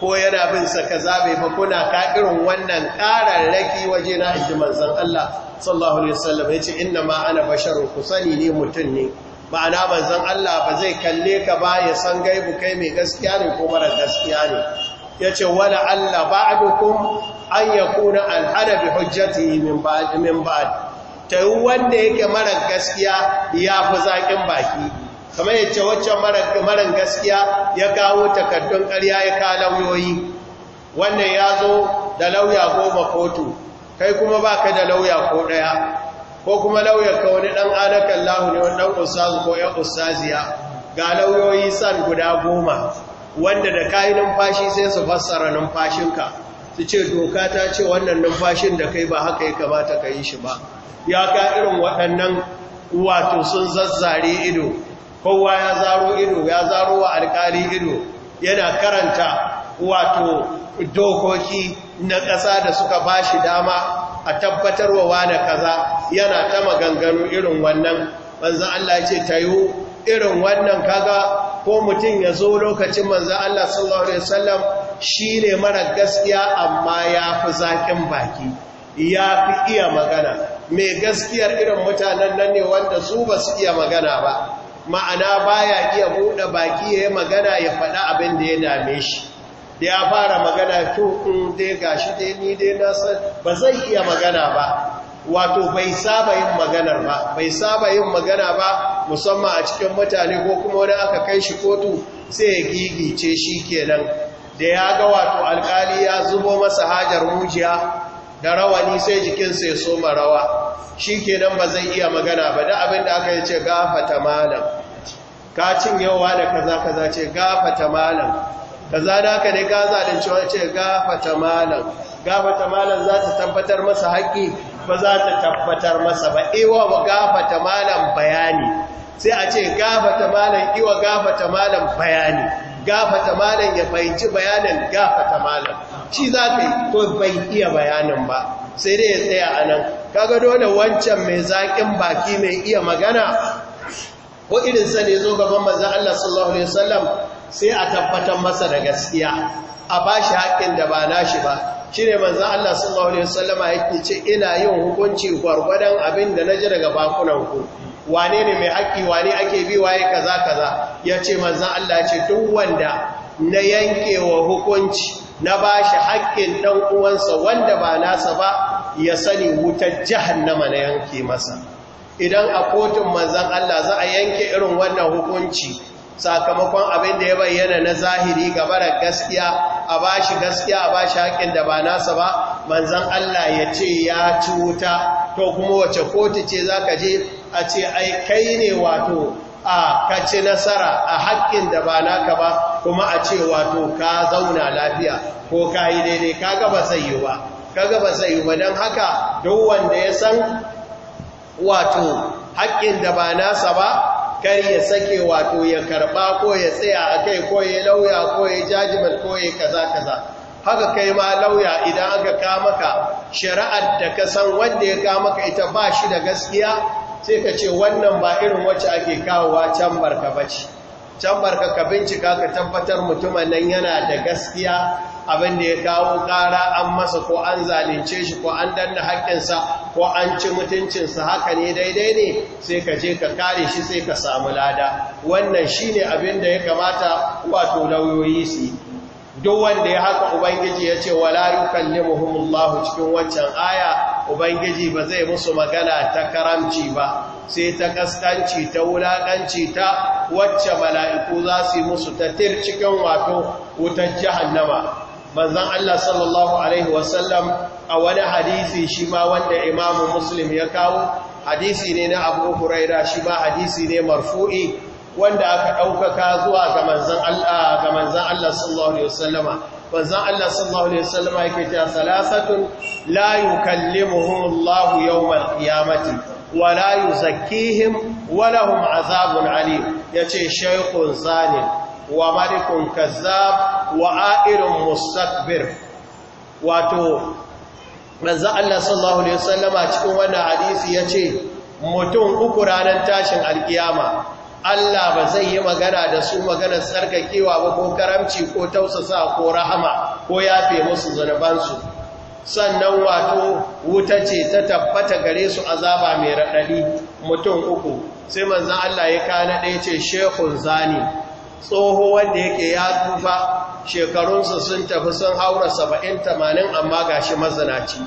ko yana bin sa kaza bai fa kuna ka irin wannan ƙararraki wajena inji manzon Allah sallallahu alaihi wasallam ya ce inna ma ana basharun sani ne mutum ne ma'ana manzon Allah ba zai kalle ka ba ya san gaibu kai mai gaskiya ne ko mara gaskiya ne ya ce wala Allah ba dukun an kuna alhada bi hujjati min ba min Ta wanda yake marar gaskiya ya fi zaƙin baki kamar ce wacce marar gaskiya ya kawo takardun ƙarya ya ka lauyoyi wannan ya zo da lauya goma kotu kai kuma baka da lauya ko ɗaya. ko kuma lauyar ka wani ɗan adakan lahuni wani ɗan ustazu ko 'yan ustaziya ga lauyoyi san guda goma wanda da kayi numfashi sai su fassara numfashinka su ce doka ta ce wannan numfashin da kai ba haka ya kamata ka yi shi ba ya ga irin waɗannan wato sun zazzare ido kowa ya zaro ido ya zaro wa alkali ido yana karanta wato dokoki na ƙasa da suka ba shi dama a tabbatarwa wane kaza yana ta maganganu irin wannan manzan Allah ce ta irin wannan kaga ko mutum ya zo lokacin manzan Allah sallallahu Alaihi wasallam shi ne mara gaskiya amma ya fi zaƙin baki ya fi iya magana mai gaskiyar irin mutanen nan ne wanda su ba su iya magana ba ma'ana baya iya buɗe baki ya yi magana ya faɗa abin da ya dame shi ya fara magana to in dai gashi dai ni dai na ba zai iya magana ba wato bai saba yin maganar ba bai saba yin magana ba musamman a cikin mutane ko kuma wani aka kai shi kotu sai ya gigice shi kenan da ya ga wato alkali ya zubo masa hajar mujiya da rawani sai jikinsa ya soma rawa shi kenan ba zai iya magana ba da abin da aka yi ce gafata malam ka yawa da kaza kaza ce gafata malam kaza da aka ne ka zalunci ce gafata malam gafata malam za ta tabbatar masa haƙƙi ba za ta tabbatar masa ba iwa ba gafata malam bayani sai a ce gafata malam iwa gafata malam bayani gafata malam ya fahimci bayanin gafata malam shi za ka yi ko bai iya bayanin ba sai dai ya tsaya a nan kaga dole wancan mai zaƙin baki mai iya magana ko irin sa ne zo gaban manzon Allah sallallahu alaihi wasallam sai a tabbatar masa da gaskiya a bashi haƙin da ba nashi ba shi ne manzan Allah sallallahu Alaihi wasallama yake ce ina yin hukunci gwargwadon abin da na ji daga bakunanku wane ne mai haƙƙi wane ake bi waye kaza kaza ya ce manzan Allah ce duk wanda na yanke wa hukunci na ba shi haƙƙin ɗan uwansa wanda ba nasa ba ya sani wutar jahannama na yanke masa idan a kotun manzan Allah za a yanke irin wannan hukunci sakamakon abin da ya bayyana na zahiri gaba da gaskiya a ba shi gaskiya a ba shi haƙin da ba nasa ba manzan Allah ya ce ya ci wuta to kuma wace kotu ce za ka je a ce ai kai ne wato a ka ci nasara a haƙƙin da ba naka ba kuma a ce wato ka zauna lafiya ko ka yi daidai ka gaba sayi ba ka gaba sayi ba don haka duk wanda ya san wato haƙƙin da ba nasa ba kar ya sake wato ya karba ko ya tsaya a kai ko ya lauya ko ya jajimar ko ya kaza kaza haka kai ma lauya idan aka kamaka shari'ar da ka san wanda ya kamaka ita ba shi da gaskiya sai ka ce wannan ba irin wacce ake kawowa can barka bace can barka ka bincika ka tabbatar mutumin nan yana da gaskiya abin da ya kawo ƙara an masa ko an zalince shi ko an danna haƙƙinsa ko an ci mutuncinsa haka ne daidai ne sai ka je ka kare shi sai ka samu lada wannan shi ne abin da ya kamata wato lauyoyi su duk wanda ya haka ubangiji ya ce wala yukallimuhumullahu cikin waccan aya ubangiji ba zai musu magana ta karamci ba sai ta kaskanci ta wulaƙanci ta wacce mala'iku za su yi musu ta tir cikin wato wutar jahannama manzan Allah sallallahu Alaihi wasallam a wani hadisi shi ma wanda imamu muslim ya kawo hadisi ne na abu huraira shi ma hadisi ne marfu'i wanda aka ɗaukaka zuwa ga manzan Allah sallallahu Alaihi wasallama manzan Allah sallallahu Alaihi wasallama yake ta salasatun la yukallimuhumullahu yawmal qiyamati wa la yuzakkihim wa lahum azabun alim ce shaykhun Zanin. wa malikun kazzab wa a'irin mustakbir wato manzo Allah sallallahu alaihi wasallama cikin wannan hadisi yace mutum uku ranar tashin alkiyama Allah ba zai yi magana da su maganar sarkakewa ba ko karamci ko tausasa ko rahama ko yafe musu zanubansu sannan wato wuta ce ta tabbata gare su azaba mai raɗaɗi mutum uku sai manzo Allah ya kana ɗaya ce shehun zani tsoho wanda yake ya tufa shekarunsa sun tafi sun haura saba'in tamanin amma ga shi mazanaci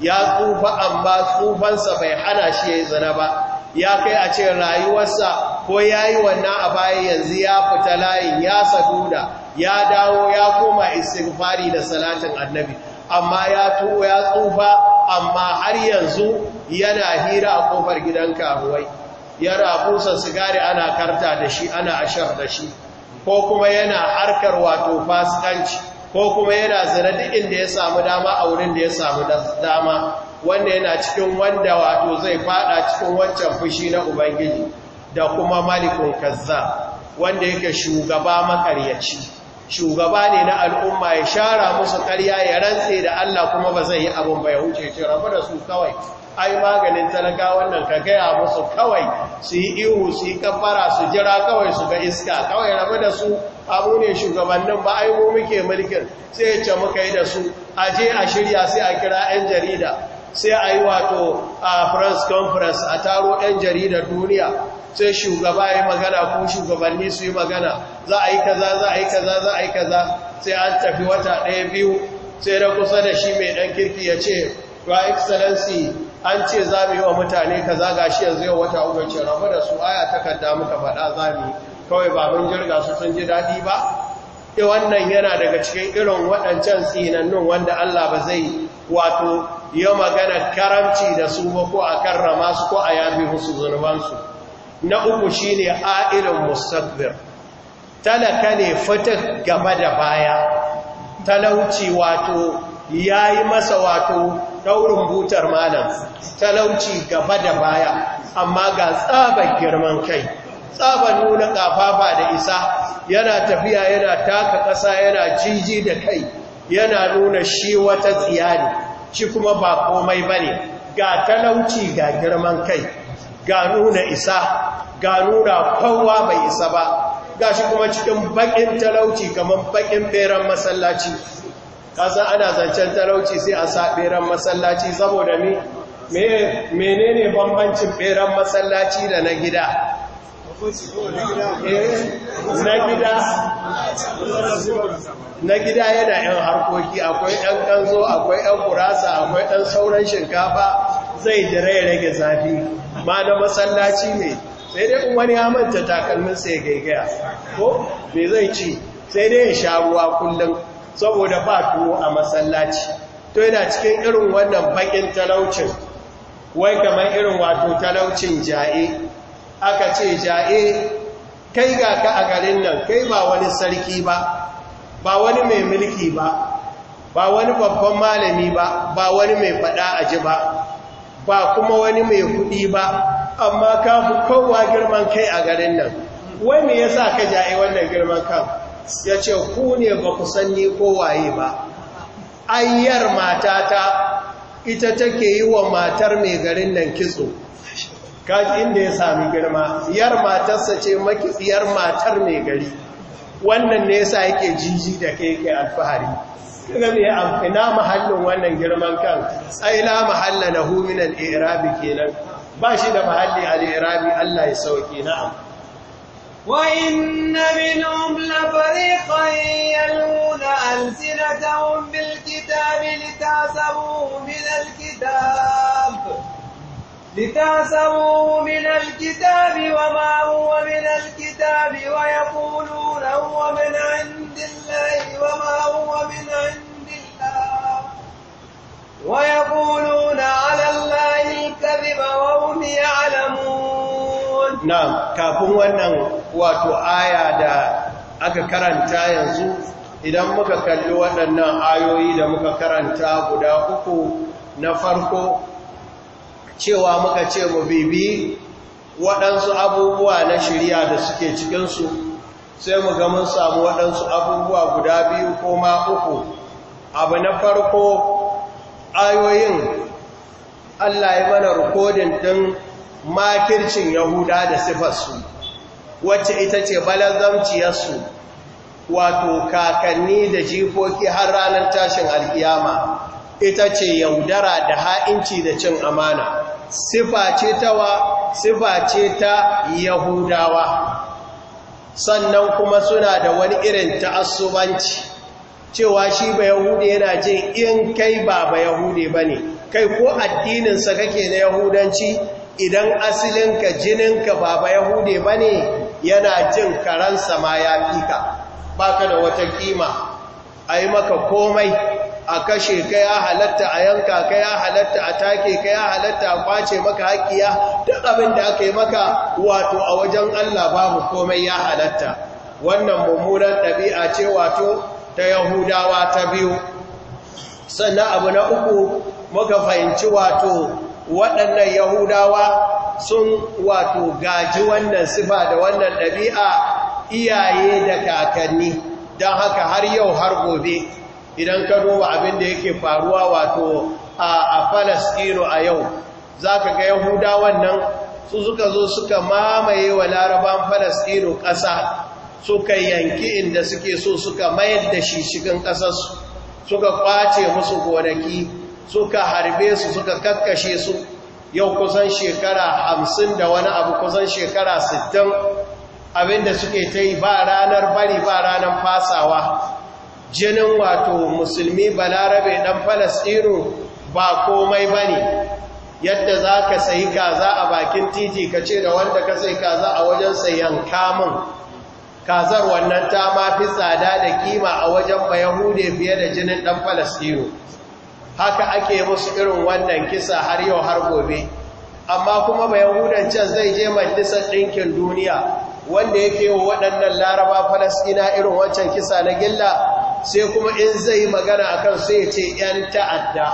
ya tsufa amma tsufansa bai hana shi ya yi zana ba ya kai a ce rayuwarsa ko ya yi wannan a bayan yanzu ya fita layin ya saduda ya dawo ya koma istighfari da salatin annabi amma ya tuwo tsufa amma har yanzu yana hira a kofar gidan karuwai ya busa sigari ana karta da shi ana ashar da shi ko kuma yana harkar wato fasikanci ko kuma yana zina duk inda ya samu dama a wurin da ya samu dama wanda yana cikin wanda wato zai fada cikin wancan fushi na ubangiji da kuma malikun kazza wanda yake shugaba makaryaci shugaba ne na al'umma ya shara musu karya ya rantse da Allah kuma ba zai yi abin ba ya huce ce rabu da su kawai ai maganin talaka wannan ka gaya musu kawai su yi ihu su yi kafara su jira kawai su ga iska kawai rabu da su abu ne shugabannin ba ai mu muke mulkin sai ya ce muka yi da su a je a shirya sai a kira 'yan jarida sai a yi wato a France conference a taro 'yan jaridar duniya sai shugaba ya magana ko shugabanni su yi magana za a yi kaza za a yi kaza za a yi kaza sai an tafi wata ɗaya biyu sai na kusa da shi mai ɗan kirki ya ce your excellency an ce za mu yi wa mutane ka zaga shi yanzu yau wata uku ce rabu da su aya takarda muka faɗa za mu yi. kawai ba jirga su sun ji daɗi ba ɗi e, wannan yana daga cikin irin waɗancan tsinannun wanda Allah ba zai wato yi magana karamci da su ba ko a karrama su ko a yafi musu zunubansu na uku shi ne a'irin musabbir talaka ne fitar gaba da baya talauci wato ya yi masa wato daurin butar malam talauci gaba da baya amma ga tsabar girman kai tsabar nuna ƙafafa da isa yana tafiya yana taka ƙasa yana jiji da kai yana nuna shi wata tsiya ne shi kuma ba komai ba ne ga talauci ga girman kai ga nuna isa ga nuna kowa bai isa ba ga shi kuma cikin baƙin talauci kamar baƙin ɓeran masallaci san ana zancen talauci sai a sa ɓeran masallaci saboda ni menene bambancin ɓeran masallaci da na gida eh, na gida yana yan harkoki akwai ɗan kanzo akwai ɗan ƙurasa akwai ɗan sauran shinkafa zai jira ya rage zafi ma da masallaci ne sai dai wani ya manta takalminsa ya gaigaya ko me zai ci sai dai ya sha ruwa kullum saboda ba tuwo a masallaci to yana cikin irin wannan bakin talaucin wai kamar irin wato talaucin ja'e aka ce ja'e kai ga ka a garin nan kai ba wani sarki ba ba wani mai mulki ba ba wani babban malami ba ba wani mai fada ji ba ba kuma wani mai kudi ba amma ka fi kowa girman kai a garin nan wai me yasa ka ja'e wannan girman kan ya ce ku ne ba ku sanni ko waye ba ayyar matata ita take yi wa matar mai garin nan kitso kaji inda ya sami girma yar matarsa ce makitsiyar matar mai gari wannan ne yasa yake jiji da kai alfahari kaga me amfina mahallin wannan girman kan tsaila mahallin lahu min al kenan ba shi da mahalli al-i'rabi Allah ya sauke na'am وإن منهم لفريقا يلون ألسنتهم بالكتاب لتحسبوه من الكتاب لتحسبوه من الكتاب وما هو من الكتاب ويقولون هو من عند الله وما هو من عند الله ويقولون على الله الكذب وهم يعلمون نعم كافون ونعم wato aya da aka karanta yanzu idan muka kalli waɗannan ayoyi da muka karanta guda uku na farko cewa muka ce mu bibi waɗansu abubuwa na shirya da suke cikinsu sai mu ga mun samu waɗansu abubuwa guda biyu ko ma uku abu na farko ayoyin Allah ya mana rikodin ɗin makircin Yahuda da su. wacce ita ce balazamciyarsu wato kakanni da jifoki har ranar tashin alkiyama ita ce yaudara da ha'inci da cin amana sifa ce tawa sifa ta yahudawa sannan kuma suna da wani irin ta'assubanci cewa shi ba yahude yana jin in kai ba ba yahude ba ne kai ko addininsa kake na yahudanci idan asilinka jininka ba ba yahude ba ne yana jin karansa ma ya fika baka da wata kima a yi maka komai a kashe ka ya halatta a yanka ka ya halatta a take ka ya halatta a kwace maka haƙiya duk abin da aka yi maka wato a wajen Allah babu komai ya halatta wannan mummunan ɗabi'a ce wato ta yahudawa ta biyu sannan abu na uku muka fahimci wato waɗannan yahudawa sun wato gaji wannan sifa da wannan ɗabi'a iyaye da kakanni don haka har yau har gobe idan ka duba abin da yake faruwa wato a falastino a yau za ka ga yahudawan nan su suka zo suka mamaye wa laraban Falasɗinu ƙasa suka yanki inda suke so suka mayar da shi cikin ƙasarsu suka kwace musu gonaki suka harbe su suka kakkashe su yau kusan shekara hamsin da wani abu kusan shekara sittin abinda suke ta yi ba ranar bari ba ranar fasawa jinin wato musulmi balarabe dan falastinu ba komai ba ne yadda za ka sayi kaza a bakin titi ka ce da wanda ka sayi kaza a wajen sayan kamun kazar wannan ta mafi tsada da kima a wajen bayahude fiye da jinin dan falastinu haka ake musu irin wannan kisa har yau har gobe amma kuma ba yahudan can zai je majalisar ɗinkin duniya wanda yake wa waɗannan laraba falasina irin wancan kisa na gilla sai kuma in zai magana a kan sai ce ‘yan ta'adda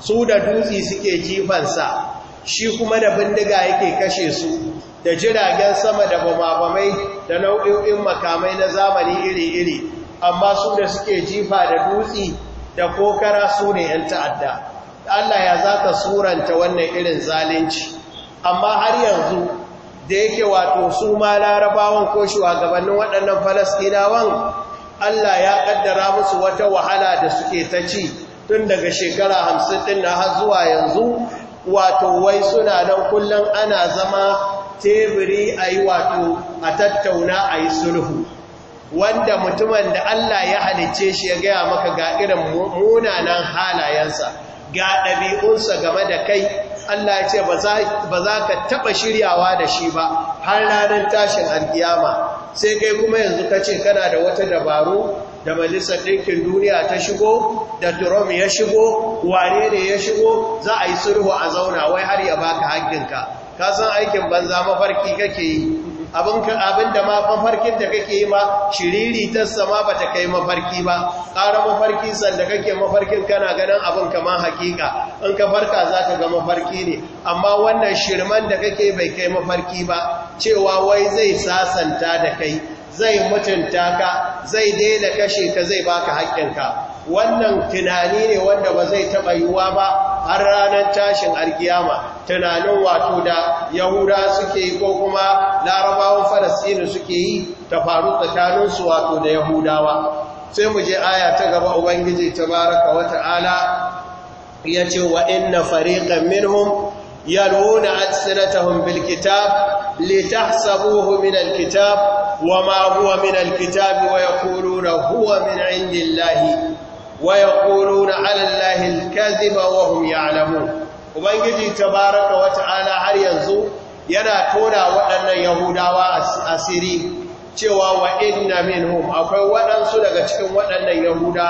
su da dutsi suke jifansa shi kuma da bindiga yake kashe su da jiragen sama da bamabamai da nau'in makamai na zamani iri-iri amma su da suke jifa da dutsi. da kokara su ne ‘yan ta'adda Allah ya za ka suranta wannan irin zalunci amma har yanzu da yake wato su ma larabawan ko shugabannin waɗannan falastinawan Allah ya ƙaddara musu wata wahala da suke ta ci tun daga shekara hamsin ɗin na har zuwa yanzu wato wai suna don kullum ana zama teburi a yi wato a tattauna a yi sulhu wanda mutumin da Allah ya halice shi ya gaya maka ga irin munanan halayensa ga ɗabi'unsa game da kai Allah ya ce ba za ka taɓa shiryawa da shi ba har ranar tashin alƙiyama sai kai kuma yanzu ka ce kana da wata dabaru da majalisar ɗinkin duniya ta shigo da turom ya shigo wane ne ya shigo za a yi sulhu a zauna wai har ya baka haƙƙinka ka san aikin banza mafarki kake yi abin da ma mafarkin da kake yi ma shiriri ta sama ba ta kai mafarki ba ƙara mafarki sanda kake mafarkin kana ganin abin kama hakika in ka farka za ka ga mafarki ne amma wannan shirman da kake bai kai mafarki ba cewa wai zai sasanta da kai zai mutunta ka zai daina kashe ka zai baka haƙƙinka wannan tunani ne wanda ba zai taɓa yiwuwa ba har ranar tashin argiyama. tunanin wato da yahuda suke yi ko kuma larabawan falasini suke yi ta faru tsakaninsu wato da yahudawa sai mu je aya ta gaba ubangiji ta baraka wata'ala ya ce wa inna fariqan minhum yaluna atsinatahum bil kitab litahsabuhu min al kitab wa ma huwa min al kitab wa yaquluna huwa min indillahi ويقولون على الله الكذب وهم يعلمون ubangiji tabaraka wata'ala har yanzu yana tona waɗannan yahudawa asiri cewa wa inna minhum akwai waɗansu daga cikin waɗannan yahuda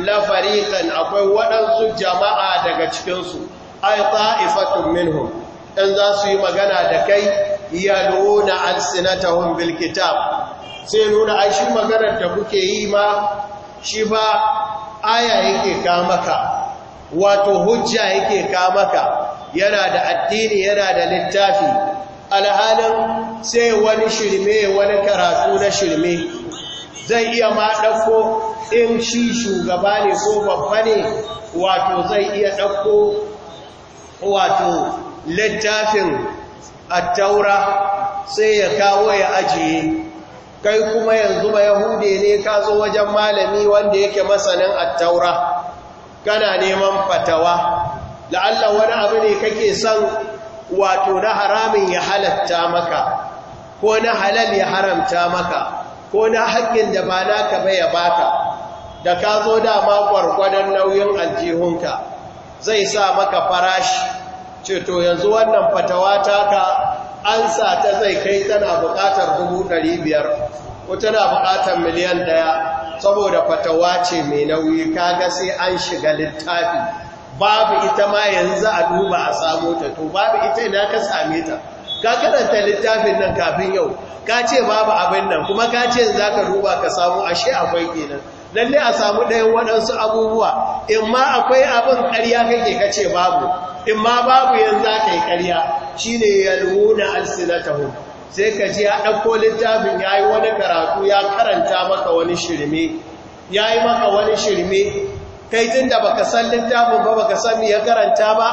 la fariqan akwai waɗansu jama'a daga cikinsu ay ta'ifatun minhum dan za su yi magana da kai yaluna alsinatahum bil kitab sai nuna ai shi maganar da kuke yi ma shi ba aya yake ka maka wato hujja yake ka maka yana da addini yana da littafi alhalin sai wani shirme wani karatu na shirme zai iya ma ɗauko in shi shugaba ne ko babba ne wato zai iya ɗauko wato littafin a taura sai ya kawo ya ajiye kai kuma yanzu ba yahude ne ka zo wajen malami wanda yake masanin attaura kana neman fatawa la'alla wani abu ne kake son wato na haramin ya halatta maka ko na halal ya haramta maka ko na haƙƙin da ba naka ba ya baka da ka zo dama gwargwadon nauyin aljihunka zai sa maka farashi ce to yanzu wannan fatawa taka an sa ta zai kai tana bukatar dubu ɗari biyar ko tana buƙatar miliyan ɗaya saboda fatawa ce mai nauyi Ka ga sai an shiga littafi babu ita ma yanzu a duba a samu ta to babu ita ina ka same ta ka karanta littafin nan kafin yau ka ce babu abin nan kuma ka ce za ka duba ka samu ashe akwai kenan lalle a samu ɗayan waɗansu abubuwa in ma akwai abin ƙarya kake kace babu in ma babu yanzu aka yi ƙarya shi ne ya nuna alsinatahu sai ka ji ya ɗauko littafin ya yi wani karatu ya karanta maka wani shirme ya yi maka wani shirme kai tun da baka san littafin ba baka san ya karanta ba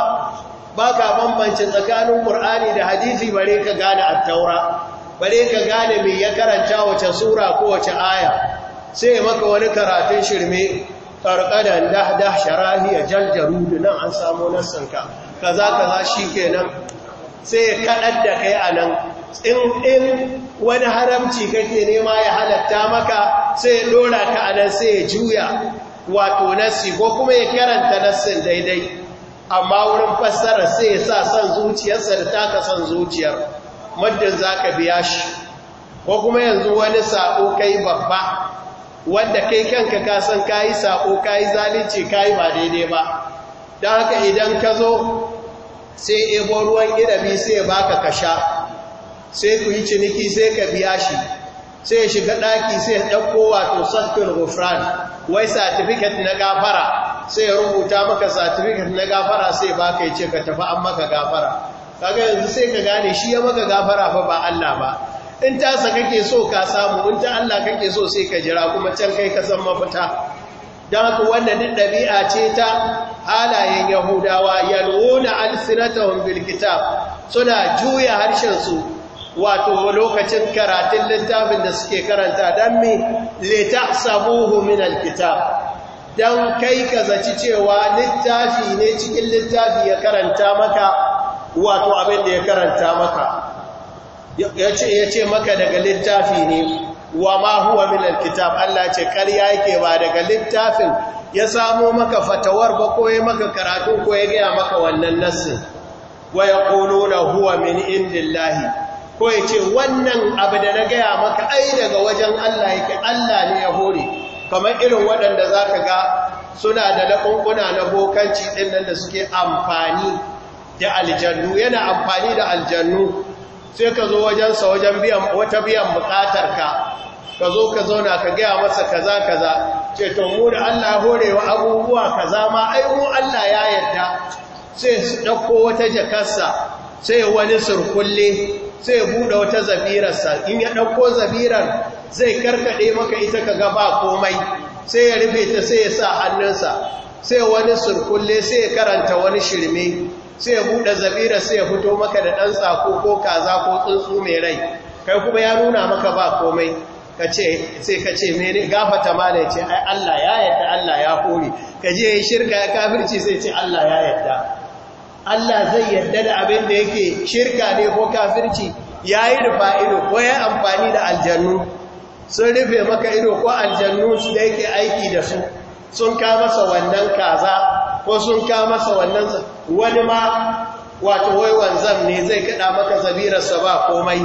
ba ka bambanci tsakanin ƙur'ani da hadisi bare ka gane attaura bare ka gane mai ya karanta wace sura ko wace aya sai maka wani karatun shirme ƙarƙadan dahdah sharahiya jaljarudu nan an samu nassanka kaza kaza shi kenan sai ya kaɗar da kai a nan in wani haramci kake nema ya halatta maka sai ya ɗora ka a nan sai ya juya wato nassi ko kuma ya karanta nassin daidai amma wurin fassara sai ya sa son zuciyarsa da taka son zuciyar muddin za ka biya shi ko kuma yanzu wani saƙo kai babba wanda kai kanka ka san kayi sako kayi zalunci kayi ba daidai ba don haka idan ka zo sai ebo ruwan inabi sai ya baka ka sai ku yi ciniki sai ka biya shi sai shiga ɗaki sai ya ɗauko wato sattul rufran wai satifiket na gafara sai ya rubuta maka satifiket na gafara sai baka yi ce ka tafi an maka gafara kaga yanzu sai ka gane shi ya maka gafara fa ba Allah ba in tasa kake so ka samu in ta Allah kake so sai ka jira kuma can kai ka san mafita don haka wannan duk ɗabi'a ce ta halayen yahudawa yalwuna alsinatahum bilkitab suna juya harshen su wato lokacin karatun littafin da suke karanta dan me litahsabuhu min alkitab dan kai ka zaci cewa littafi ne cikin littafi ya karanta maka wato abin da ya karanta maka ya ce maka daga littafi ne wa ma huwa min alkitab Allah ce karya yake ba daga littafin ya samo maka fatawar ba ko ya maka karatu ko ya gaya maka wannan nassin wa yaquluna huwa min indillahi ko ya ce wannan abu da na gaya maka ai daga wajen Allah yake Allah ne ya hore kamar irin waɗanda zaka ga suna da laƙunƙuna na bokanci ɗin nan da suke amfani da aljannu yana amfani da aljannu sai ka zo wajensa wajen biyan wata biyan bukatar ka zo ka zauna ka gaya masa kaza kaza ce to mu da Allah horewa abubuwa kaza ma ai mu Allah ya yarda sai su dauko wata jakarsa sai wani surkulle sai buɗe wata zabirarsa in ya dauko zabirar zai karkaɗe maka ita ka ba komai sai ya rufe ta sai ya sa hannunsa sai wani surkulle sai ya karanta wani shirme sai ya buɗe zabira sai ya fito maka da ɗan tsako ko kaza ko tsuntsu mai rai kai kuma ya nuna maka ba komai sai ka ce mene gafata ma da ce ai Allah ya yadda Allah ya kori ka je yi shirka ya kafirci sai ce Allah ya yadda Allah zai yadda da abin da yake shirka ne ko kafirci ya yi rufa ido ko ya amfani da aljannu sun rufe maka ido ko aljannu su da yake aiki da su sun kama sa wannan kaza wasu ka masa wannan wani ma wato wai wanzan ne zai kada maka zabirarsa ba komai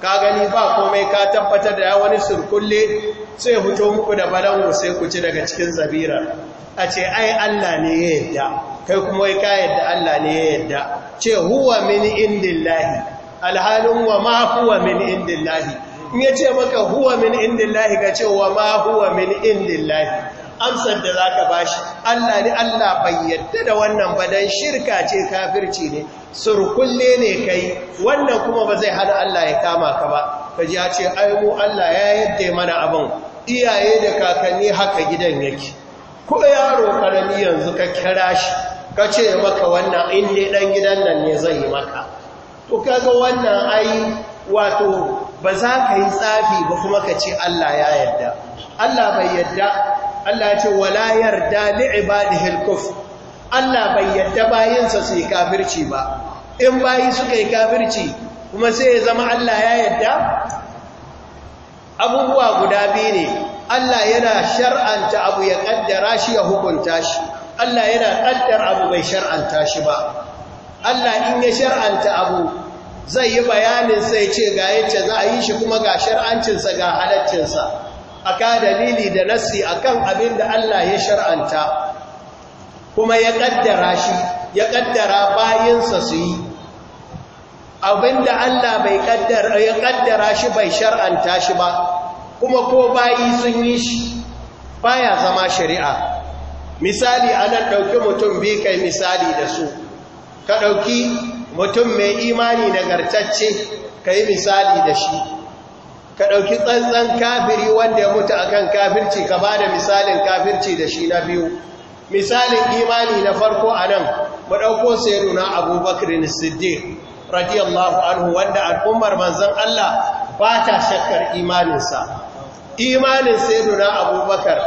ka gani ba komai ka tabbatar da wani surkulle sai huto muku da balangu sai ku ci daga cikin zabira a ce ai Allah ne ya yadda kai kuma wai ka yadda Allah ne ya yadda ce huwa min indillahi alhalin wa ma huwa min indillahi in ya ce maka huwa min indillahi ka ce wa ma huwa min indillahi amsar da za ka ba shi Allah ne Allah bai yadda da wannan ba don shirka ce kafirci ne surkulle ne kai wannan kuma ba zai hana Allah ya kama ka ba ka ji ya ce ai Allah ya yadda mana abin iyaye da kakanni haka gidan yake ko yaro karami yanzu ka kira shi ka ce maka wannan in dai dan gidan nan ne zai yi maka to kaga wannan ai wato ba za ka yi tsafi ba kuma ka ce Allah ya yadda Allah bai yadda Allah ya ce wala yarda li ibadihi al-kufr Allah bai yadda bayinsa su yi kafirci ba in bayi suka yi kafirci kuma sai ya zama Allah ya yadda abubuwa guda biyu ne Allah yana shar'anta abu ya kaddara shi ya hukunta shi Allah yana kaddar abu bai shar'anta shi ba Allah in ya shar'anta abu zai yi bayanin sai ce ga yacce za a yi shi kuma ga shar'ancinsa ga halaccinsa a dalili da nassi akan abin da Allah ya shar'anta kuma ya ƙaddara shi ya kaddara bayinsa su yi abin da Allah bai ƙaddara ya kaddara shi bai shar'anta shi ba kuma ko bayi sun yi shi baya zama shari'a misali anan ɗauki mutum bi kai misali da su ka ɗauki mutum mai imani nagartacce ka yi misali da shi ka ɗauki tsantsan kafiri wanda ya mutu akan kafirci ka ba da misalin kafirci da shi na biyu misalin imani na farko a nan mu ɗauko sai na abubakar siddiq radiyallahu anhu wanda al'ummar manzan Allah ba ta shakkar imaninsa imanin na abubakar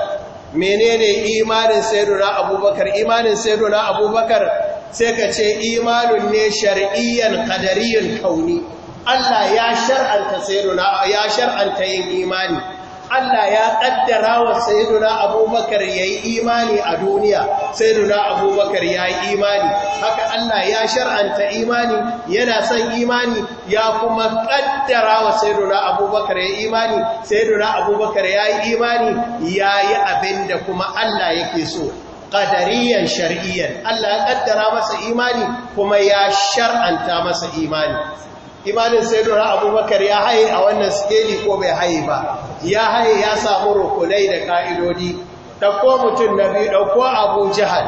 menene imanin na abubakar imanin na abubakar sai ka ce imanin ne shar'iyyan kadariyar kauni Allah ya shar'anta sayyiduna ya shar'anta yin imani Allah ya kaddara wa sayyiduna Abubakar yayi imani a duniya sayyiduna Abubakar yayi imani haka Allah ya shar'anta imani yana son imani ya kuma kaddara wa sayyiduna Abubakar yayi imani sayyiduna Abubakar yayi imani yayi abinda kuma Allah yake so ƙadariyan shari'iyan Allah ya ƙaddara masa imani kuma ya shar'anta masa imani imanin dora abubakar ya haye a wannan skeli ko bai haye ba ya haye ya samu rukunai da ka'idodi ɗauko mutum na biyu ɗauko abu jihar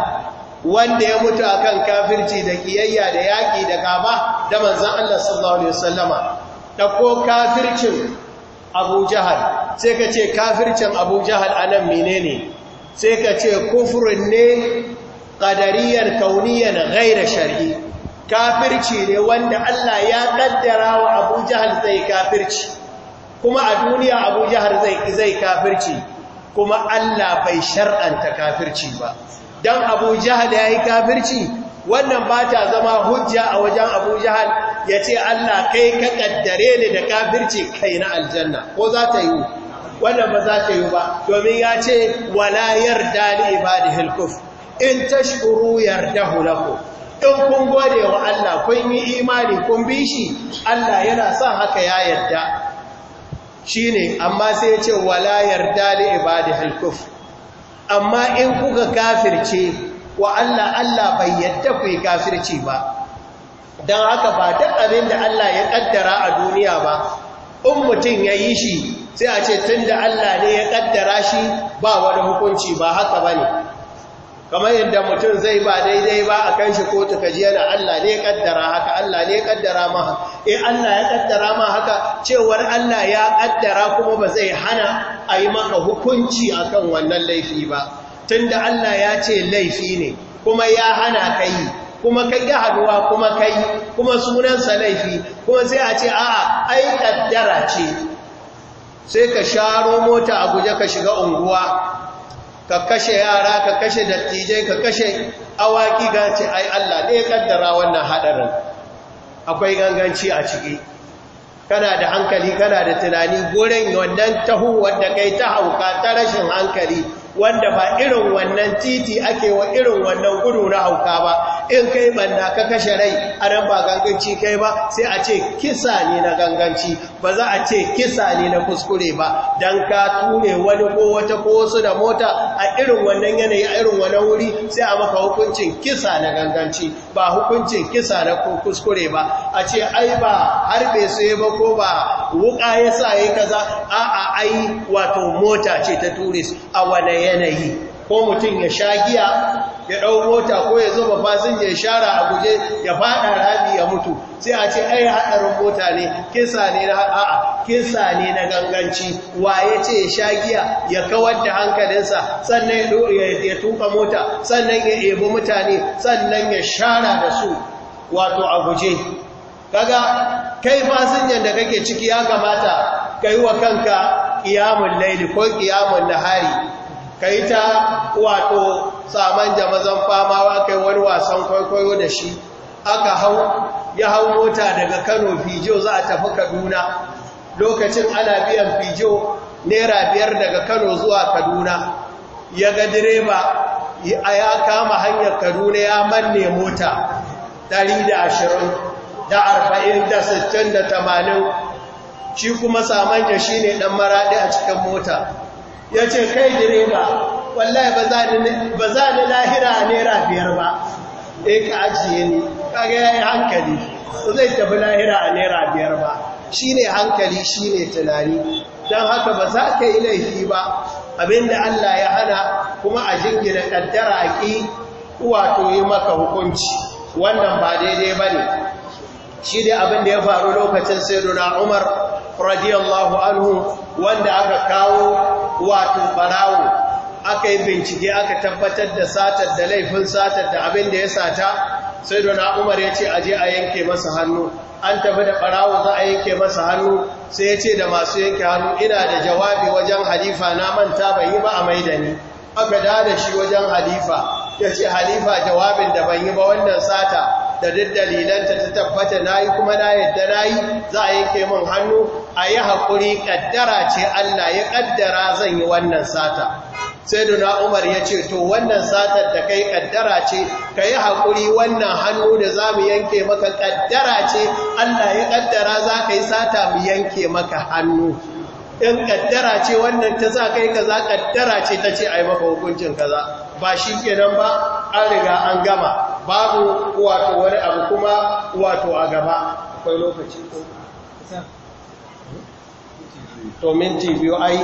wanda ya mutu a kan kafirci da ƙiyayya da yaƙi da gaba da manzan Allah sallallahu Alaihi wasallama ɗauko kafircin abu jihar sai ka ce kafircin abu jihar a nan menene sai ka ce kufurin ne ƙadariyar kauniyar gaira shari'i kafirci ne wanda Allah ya kaddara wa Abu Jahal zai kafirci kuma a duniya Abu Jahal zai zai kafirci kuma Allah bai shar'anta kafirci ba dan Abu Jahal yayi kafirci wannan ba ta zama hujja a wajen Abu Jahal yace Allah kai ka kaddare ni da kafirci kai na aljanna ko za ta yi wannan ba za ta yi ba domin ya ce wala yarda li ibadihil kufr in tashkuru yardahu lakum in kun gode wa Allah kun yi imani kun bi shi Allah yana sa haka ya yarda shine amma sai ya ce wala yarda li ibadihil halkuf amma in kuka kafirce wa Allah Allah bai yarda ku kafirci ba dan haka ba duk abin da Allah ya kaddara a duniya ba in mutum ya yi shi sai a ce tunda Allah ne ya kaddara shi ba wani hukunci ba haka bane kamar yadda mutum zai ba daidai ba a kan shi kotu kaji yana Allah ne kaddara haka Allah ne kaddara ma eh Allah ya kaddara ma haka cewar Allah ya kaddara kuma ba zai hana a yi maka hukunci a kan wannan laifi ba tunda Allah ya ce laifi ne kuma ya hana ka yi kuma kai ga haduwa kuma kai kuma sunansa laifi kuma sai a ce a'a ai kaddara ce sai ka sharo mota a guje ka shiga unguwa ka kashe yara ka kashe dattijai ka kashe awaki gace ai Allah ne ya kaddara wannan hadarin akwai ganganci a ciki kana da hankali kana da tunani gurin wannan tahu wanda kai ta hauka ta rashin hankali wanda ba irin wannan titi ake wa irin wannan gudu na hauka ba in kai banda ka kashe rai a nan ba ganganci kai ba sai a ce kisa ne na ganganci ba za a ce kisa ne na kuskure ba don ka ture wani ko wata ko wasu da mota a irin wannan yanayi a irin wannan wuri sai a maka hukuncin kisa na ganganci ba hukuncin kisa na kuskure ba a ce ai ba harbe su ba ko ba wuka ya sa yi kaza a'a ai wato mota ce ta turis a wani yanayi ko mutum ya sha giya ya ɗau mota ko ya zuba fasinja ya shara a guje ya faɗa rami ya mutu sai a ce ai haɗarin mota ne kisa ne na a'a kisa ne na ganganci waye ce ya sha giya ya kawar da hankalinsa sannan ya tuka mota sannan ya ebi mutane sannan ya shara da su wato a guje kaga kai fasinjan da kake ciki ya kamata 'Kai wa kanka ƙiyamun laili ko ƙiyamun nahari kai ta wato saman jamazan famawa kai wani wasan kwaikwayo da shi aka hau ya hau mota daga kano fijo za a tafi kaduna lokacin ana biyan fijo naira biyar daga kano zuwa kaduna ya ga direba ya kama hanyar kaduna ya manne mota 120 da 40 da 60 da 80 shi kuma saman ya shi ne ɗan maraɗi a cikin mota ya ce kai direba wallahi ba za ni lahira naira biyar ba e ka ajiye ni kaga ya yi hankali Su zai tafi lahira a naira biyar ba shi ne hankali shi ne tunani don haka ba za ka yi laifi ba abinda Allah ya hana kuma a jingina ƙaddara a ƙi wato yi maka hukunci wannan ba daidai ba ne shi dai abinda ya faru lokacin sai umar radiyallahu anhu wanda aka kawo wato barawo aka yi bincike aka tabbatar da satar da laifin satar da abin da ya sata sai dona umar ya ce je a yanke masa hannu an tafi da barawo za a yanke masa hannu sai ya ce da masu yanke hannu ina da jawabi wajen halifa na manta bai yi ba a Maidani. ni aka da da shi wajen halifa ya ce halifa jawabin da ban yi ba wannan sata da duk dalilanta ta tabbata nayi kuma na yadda nayi yi za a yanke min hannu a yi haƙuri ƙaddara ce Allah ya ƙaddara zan yi wannan sata sai duna umar ya ce to wannan satar da kai ƙaddara ce ka yi haƙuri wannan hannu da za mu yanke maka ƙaddara ce Allah ya ƙaddara za ka yi sata mu yanke maka hannu in ƙaddara ce wannan ta za ka yi kaza ƙaddara ce ta ce a yi maka hukuncin kaza ba shi kenan ba an riga an gama babu wato wani abu kuma wato a gaba akwai lokaci ko to minti biyu ai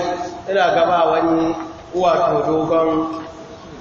ina gaba wani wato dogon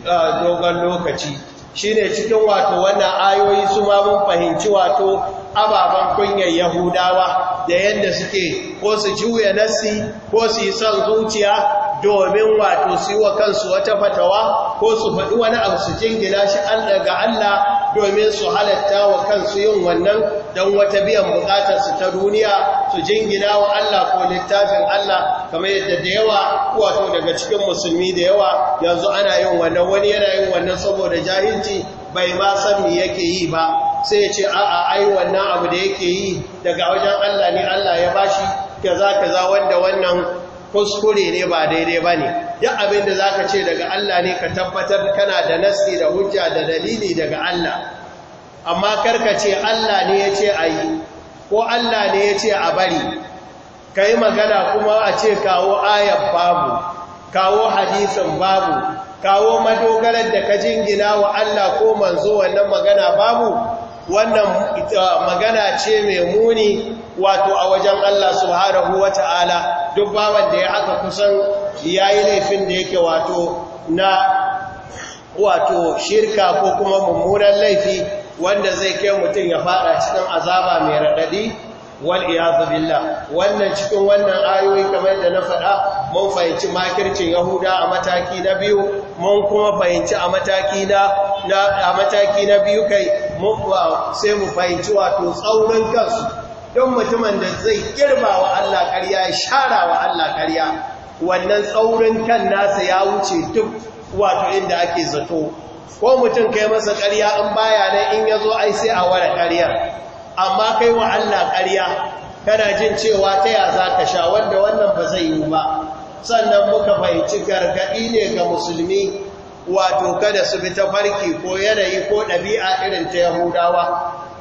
ah, lokaci Shi ne cikin wato wannan ayoyi su ma mun fahimci wato ababen kunyar yahudawa da yadda suke ko su juya nasi ko su yi son zuciya domin wato su yi wa kansu wata fatawa ko su faɗi wani abu su jingina shi ga Allah domin su halatta wa kansu yin wannan don wata biyan bukatarsu ta duniya su jingina wa Allah ko littafin Allah kamar yadda da yawa wato daga cikin musulmi da yawa yanzu ana yin wannan wani yana yin wannan saboda jahilci bai ma san me yake yi ba sai ya ce a'a ai wannan abu da yake yi daga wajen Allah ne Allah ya bashi kaza kaza wanda wannan kuskure ne ba daidai ba ne ya abin da za ka ce daga Allah ne ka tabbatar kana da nasi da hujja da dalili daga Allah amma karka ce Allah ne ya ce a yi ko Allah ne ya ce a bari ka yi magana kuma a ce kawo ayab babu kawo hadisin babu kawo madogarar da ka jingina wa Allah ko manzo wannan magana babu wannan magana ce mai muni wato a wajen Allah subhanahu wa ta'ala duk bawan da ya aka kusan ya yi laifin da yake wato na wato shirka ko kuma mummunan laifi wanda zai kai mutum ya fada cikin azaba mai raɗaɗi wal'iyazu billah wannan cikin wannan ayoyi kamar da na faɗa mun fahimci makircin yahuda a mataki na biyu mun kuma fahimci a mataki na biyu kai sai mu fahimci wato tsaunin kansu don mutumin da zai girba wa Allah ƙarya ya shara wa Allah ƙarya wannan tsaurin kan nasa ya wuce duk wato inda ake zato ko mutum kai masa ƙarya in baya na in ya zo ai sai a ware ƙaryar amma kai wa Allah ƙarya kana jin cewa ta ya za ka sha wanda wannan ba zai yi ba sannan muka fahimci gargaɗi ne ga musulmi wato kada su bi ta farki ko yanayi ko ɗabi'a irin ta yahudawa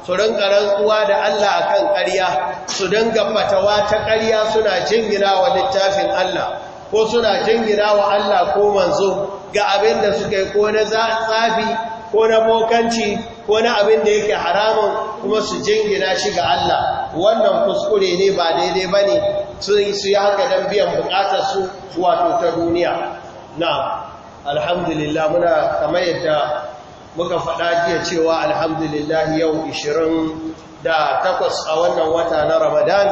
su rinka rantsuwa da Allah akan ƙarya su dinga fatawa ta ƙarya suna jingina wa littafin Allah ko suna jingina wa Allah ko manzo ga abin da suka yi ko na tsafi ko na bokanci ko na abin da yake haramun kuma su jingina shi ga Allah wannan kuskure ne ba daidai bane ne su yi haka dan biyan su wato ta duniya na alhamdulillah muna kamar yadda muka faɗa jiya cewa alhamdulillah yau 28 a wannan wata na ramadan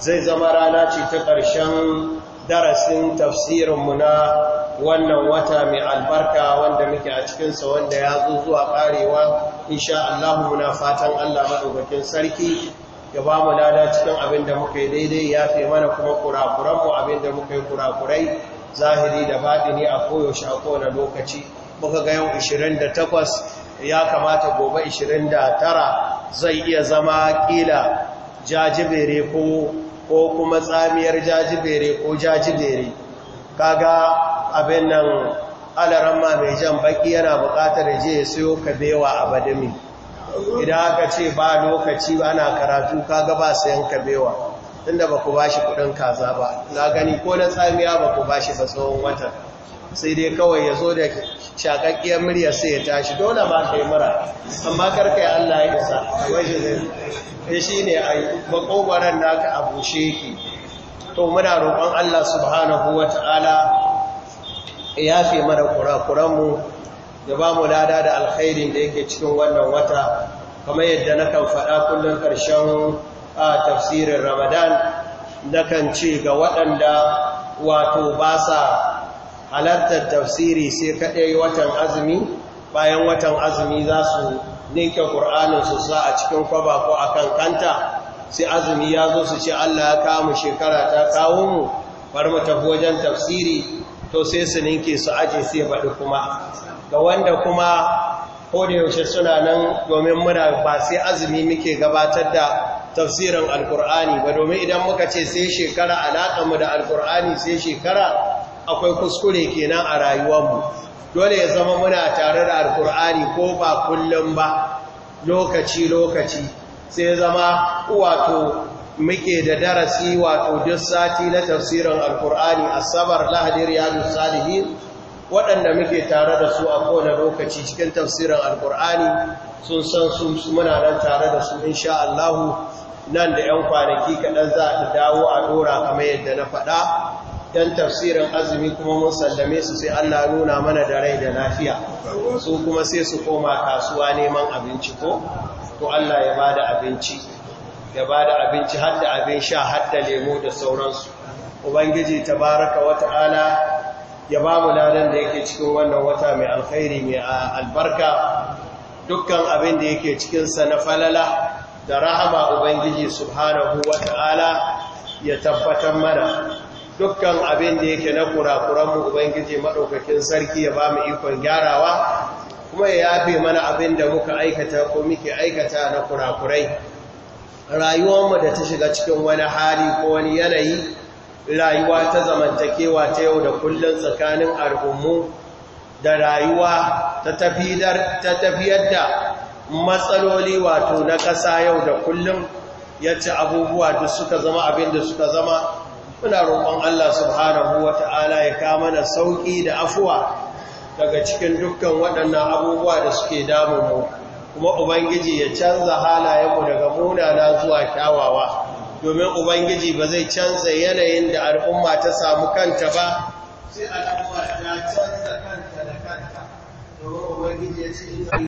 zai zama rana ce ta ƙarshen darasin tafsirinmu na wannan wata mai albarka wanda muke a cikinsa wanda ya zo zuwa ƙarewa insha Allah muna fatan Allah maɗaukakin sarki ya ba mu lada cikin abin da muka yi daidai ya fi mana kuma kurakuranmu abin da muka yi kurakurai zahiri da baɗini a koyaushe a na lokaci muka ga yau 28 ya kamata gobe 29 zai iya zama kila jajibere ko ko kuma tsamiyar jajibere ko jajibere kaga abin nan alaramma mai jan baki yana bukatar je ya sayo kabewa a badami idan aka ce ba lokaci ana karatu kaga ba sayan kabewa tunda ba ku bashi kudin kaza ba na gani ko na tsamiya ba ku bashi ba tsawon watan sai dai kawai ya zo da shakakkiyar murya sai ya tashi dole ba ka yi mura amma karka yi Allah ya isa waje zai shi ne eh, a yi. makogwaron naka a bushe ki to muna roƙon Allah subhanahu wa ta'ala ya fi mana kurakuranmu ya ba mu lada da alkhairin da yake cikin wannan wata kamar yadda na kan faɗa kullum ƙarshen a tafsirin ramadan na kan ce ga waɗanda wato ba sa halartar tafsiri sai kaɗai watan azumi bayan watan azumi za su ninke ƙur'anin su sa a cikin kwaba ko a kan kanta sai azumi ya zo su ce Allah ya kawo mu shekara ta kawo mu bar mu tafi wajen tafsiri to sai su ninke su aje sai baɗi kuma ga wanda kuma ko yaushe suna nan domin muna ba sai azumi muke gabatar da tafsirin alkur'ani ba domin idan muka ce sai shekara alaƙa mu da alkur'ani sai shekara akwai kuskure kenan a rayuwarmu dole ya zama muna tare da alkur'ani ko ba kullum ba lokaci-lokaci sai zama wato muke da darasi wato duk sati na tafsirin alkur'ani asabar lahadi riyadu salihin waɗanda muke tare da su a kowane lokaci cikin tafsirin alkur'ani sun san su muna nan tare da su insha Allahu nan da ƴan kwanaki kaɗan za a dawo a ɗora kamar yadda na faɗa dan tafsirin azumi kuma mun sallame su sai Allah nuna mana da rai da lafiya su kuma sai su koma kasuwa neman abinci ko ko Allah ya da abinci ya da abinci har da abin sha har da lemo da sauransu ubangiji tabaraka ala ya ba mu ladan da yake cikin wannan wata mai alkhairi mai albarka dukkan abin da yake cikin sa na falala da rahama ubangiji subhanahu ta'ala, ya tabbatar mana dukkan abin da yake na kurakuranmu ubangiji maɗaukakin sarki ya ba mu ikon gyarawa kuma ya yafe mana abin da muka aikata ko muke aikata na kurakurai rayuwarmu da ta shiga cikin wani hali ko wani yanayi rayuwa ta zamantakewa ta yau da kullum tsakanin al'ummu da rayuwa ta tafiyar da matsaloli wato na ƙasa yau da kullum ya ci abubuwa duk suka zama abin da suka zama muna roƙon Allah subhanahu wa ta'ala ya kama na sauƙi da afuwa daga cikin dukkan waɗannan abubuwa da suke damunmu kuma Ubangiji ya canza halayenmu daga munana zuwa kyawawa domin Ubangiji ba zai canza yanayin da al'umma ta samu kanta ba sai al'umma ta canza kanta da kanta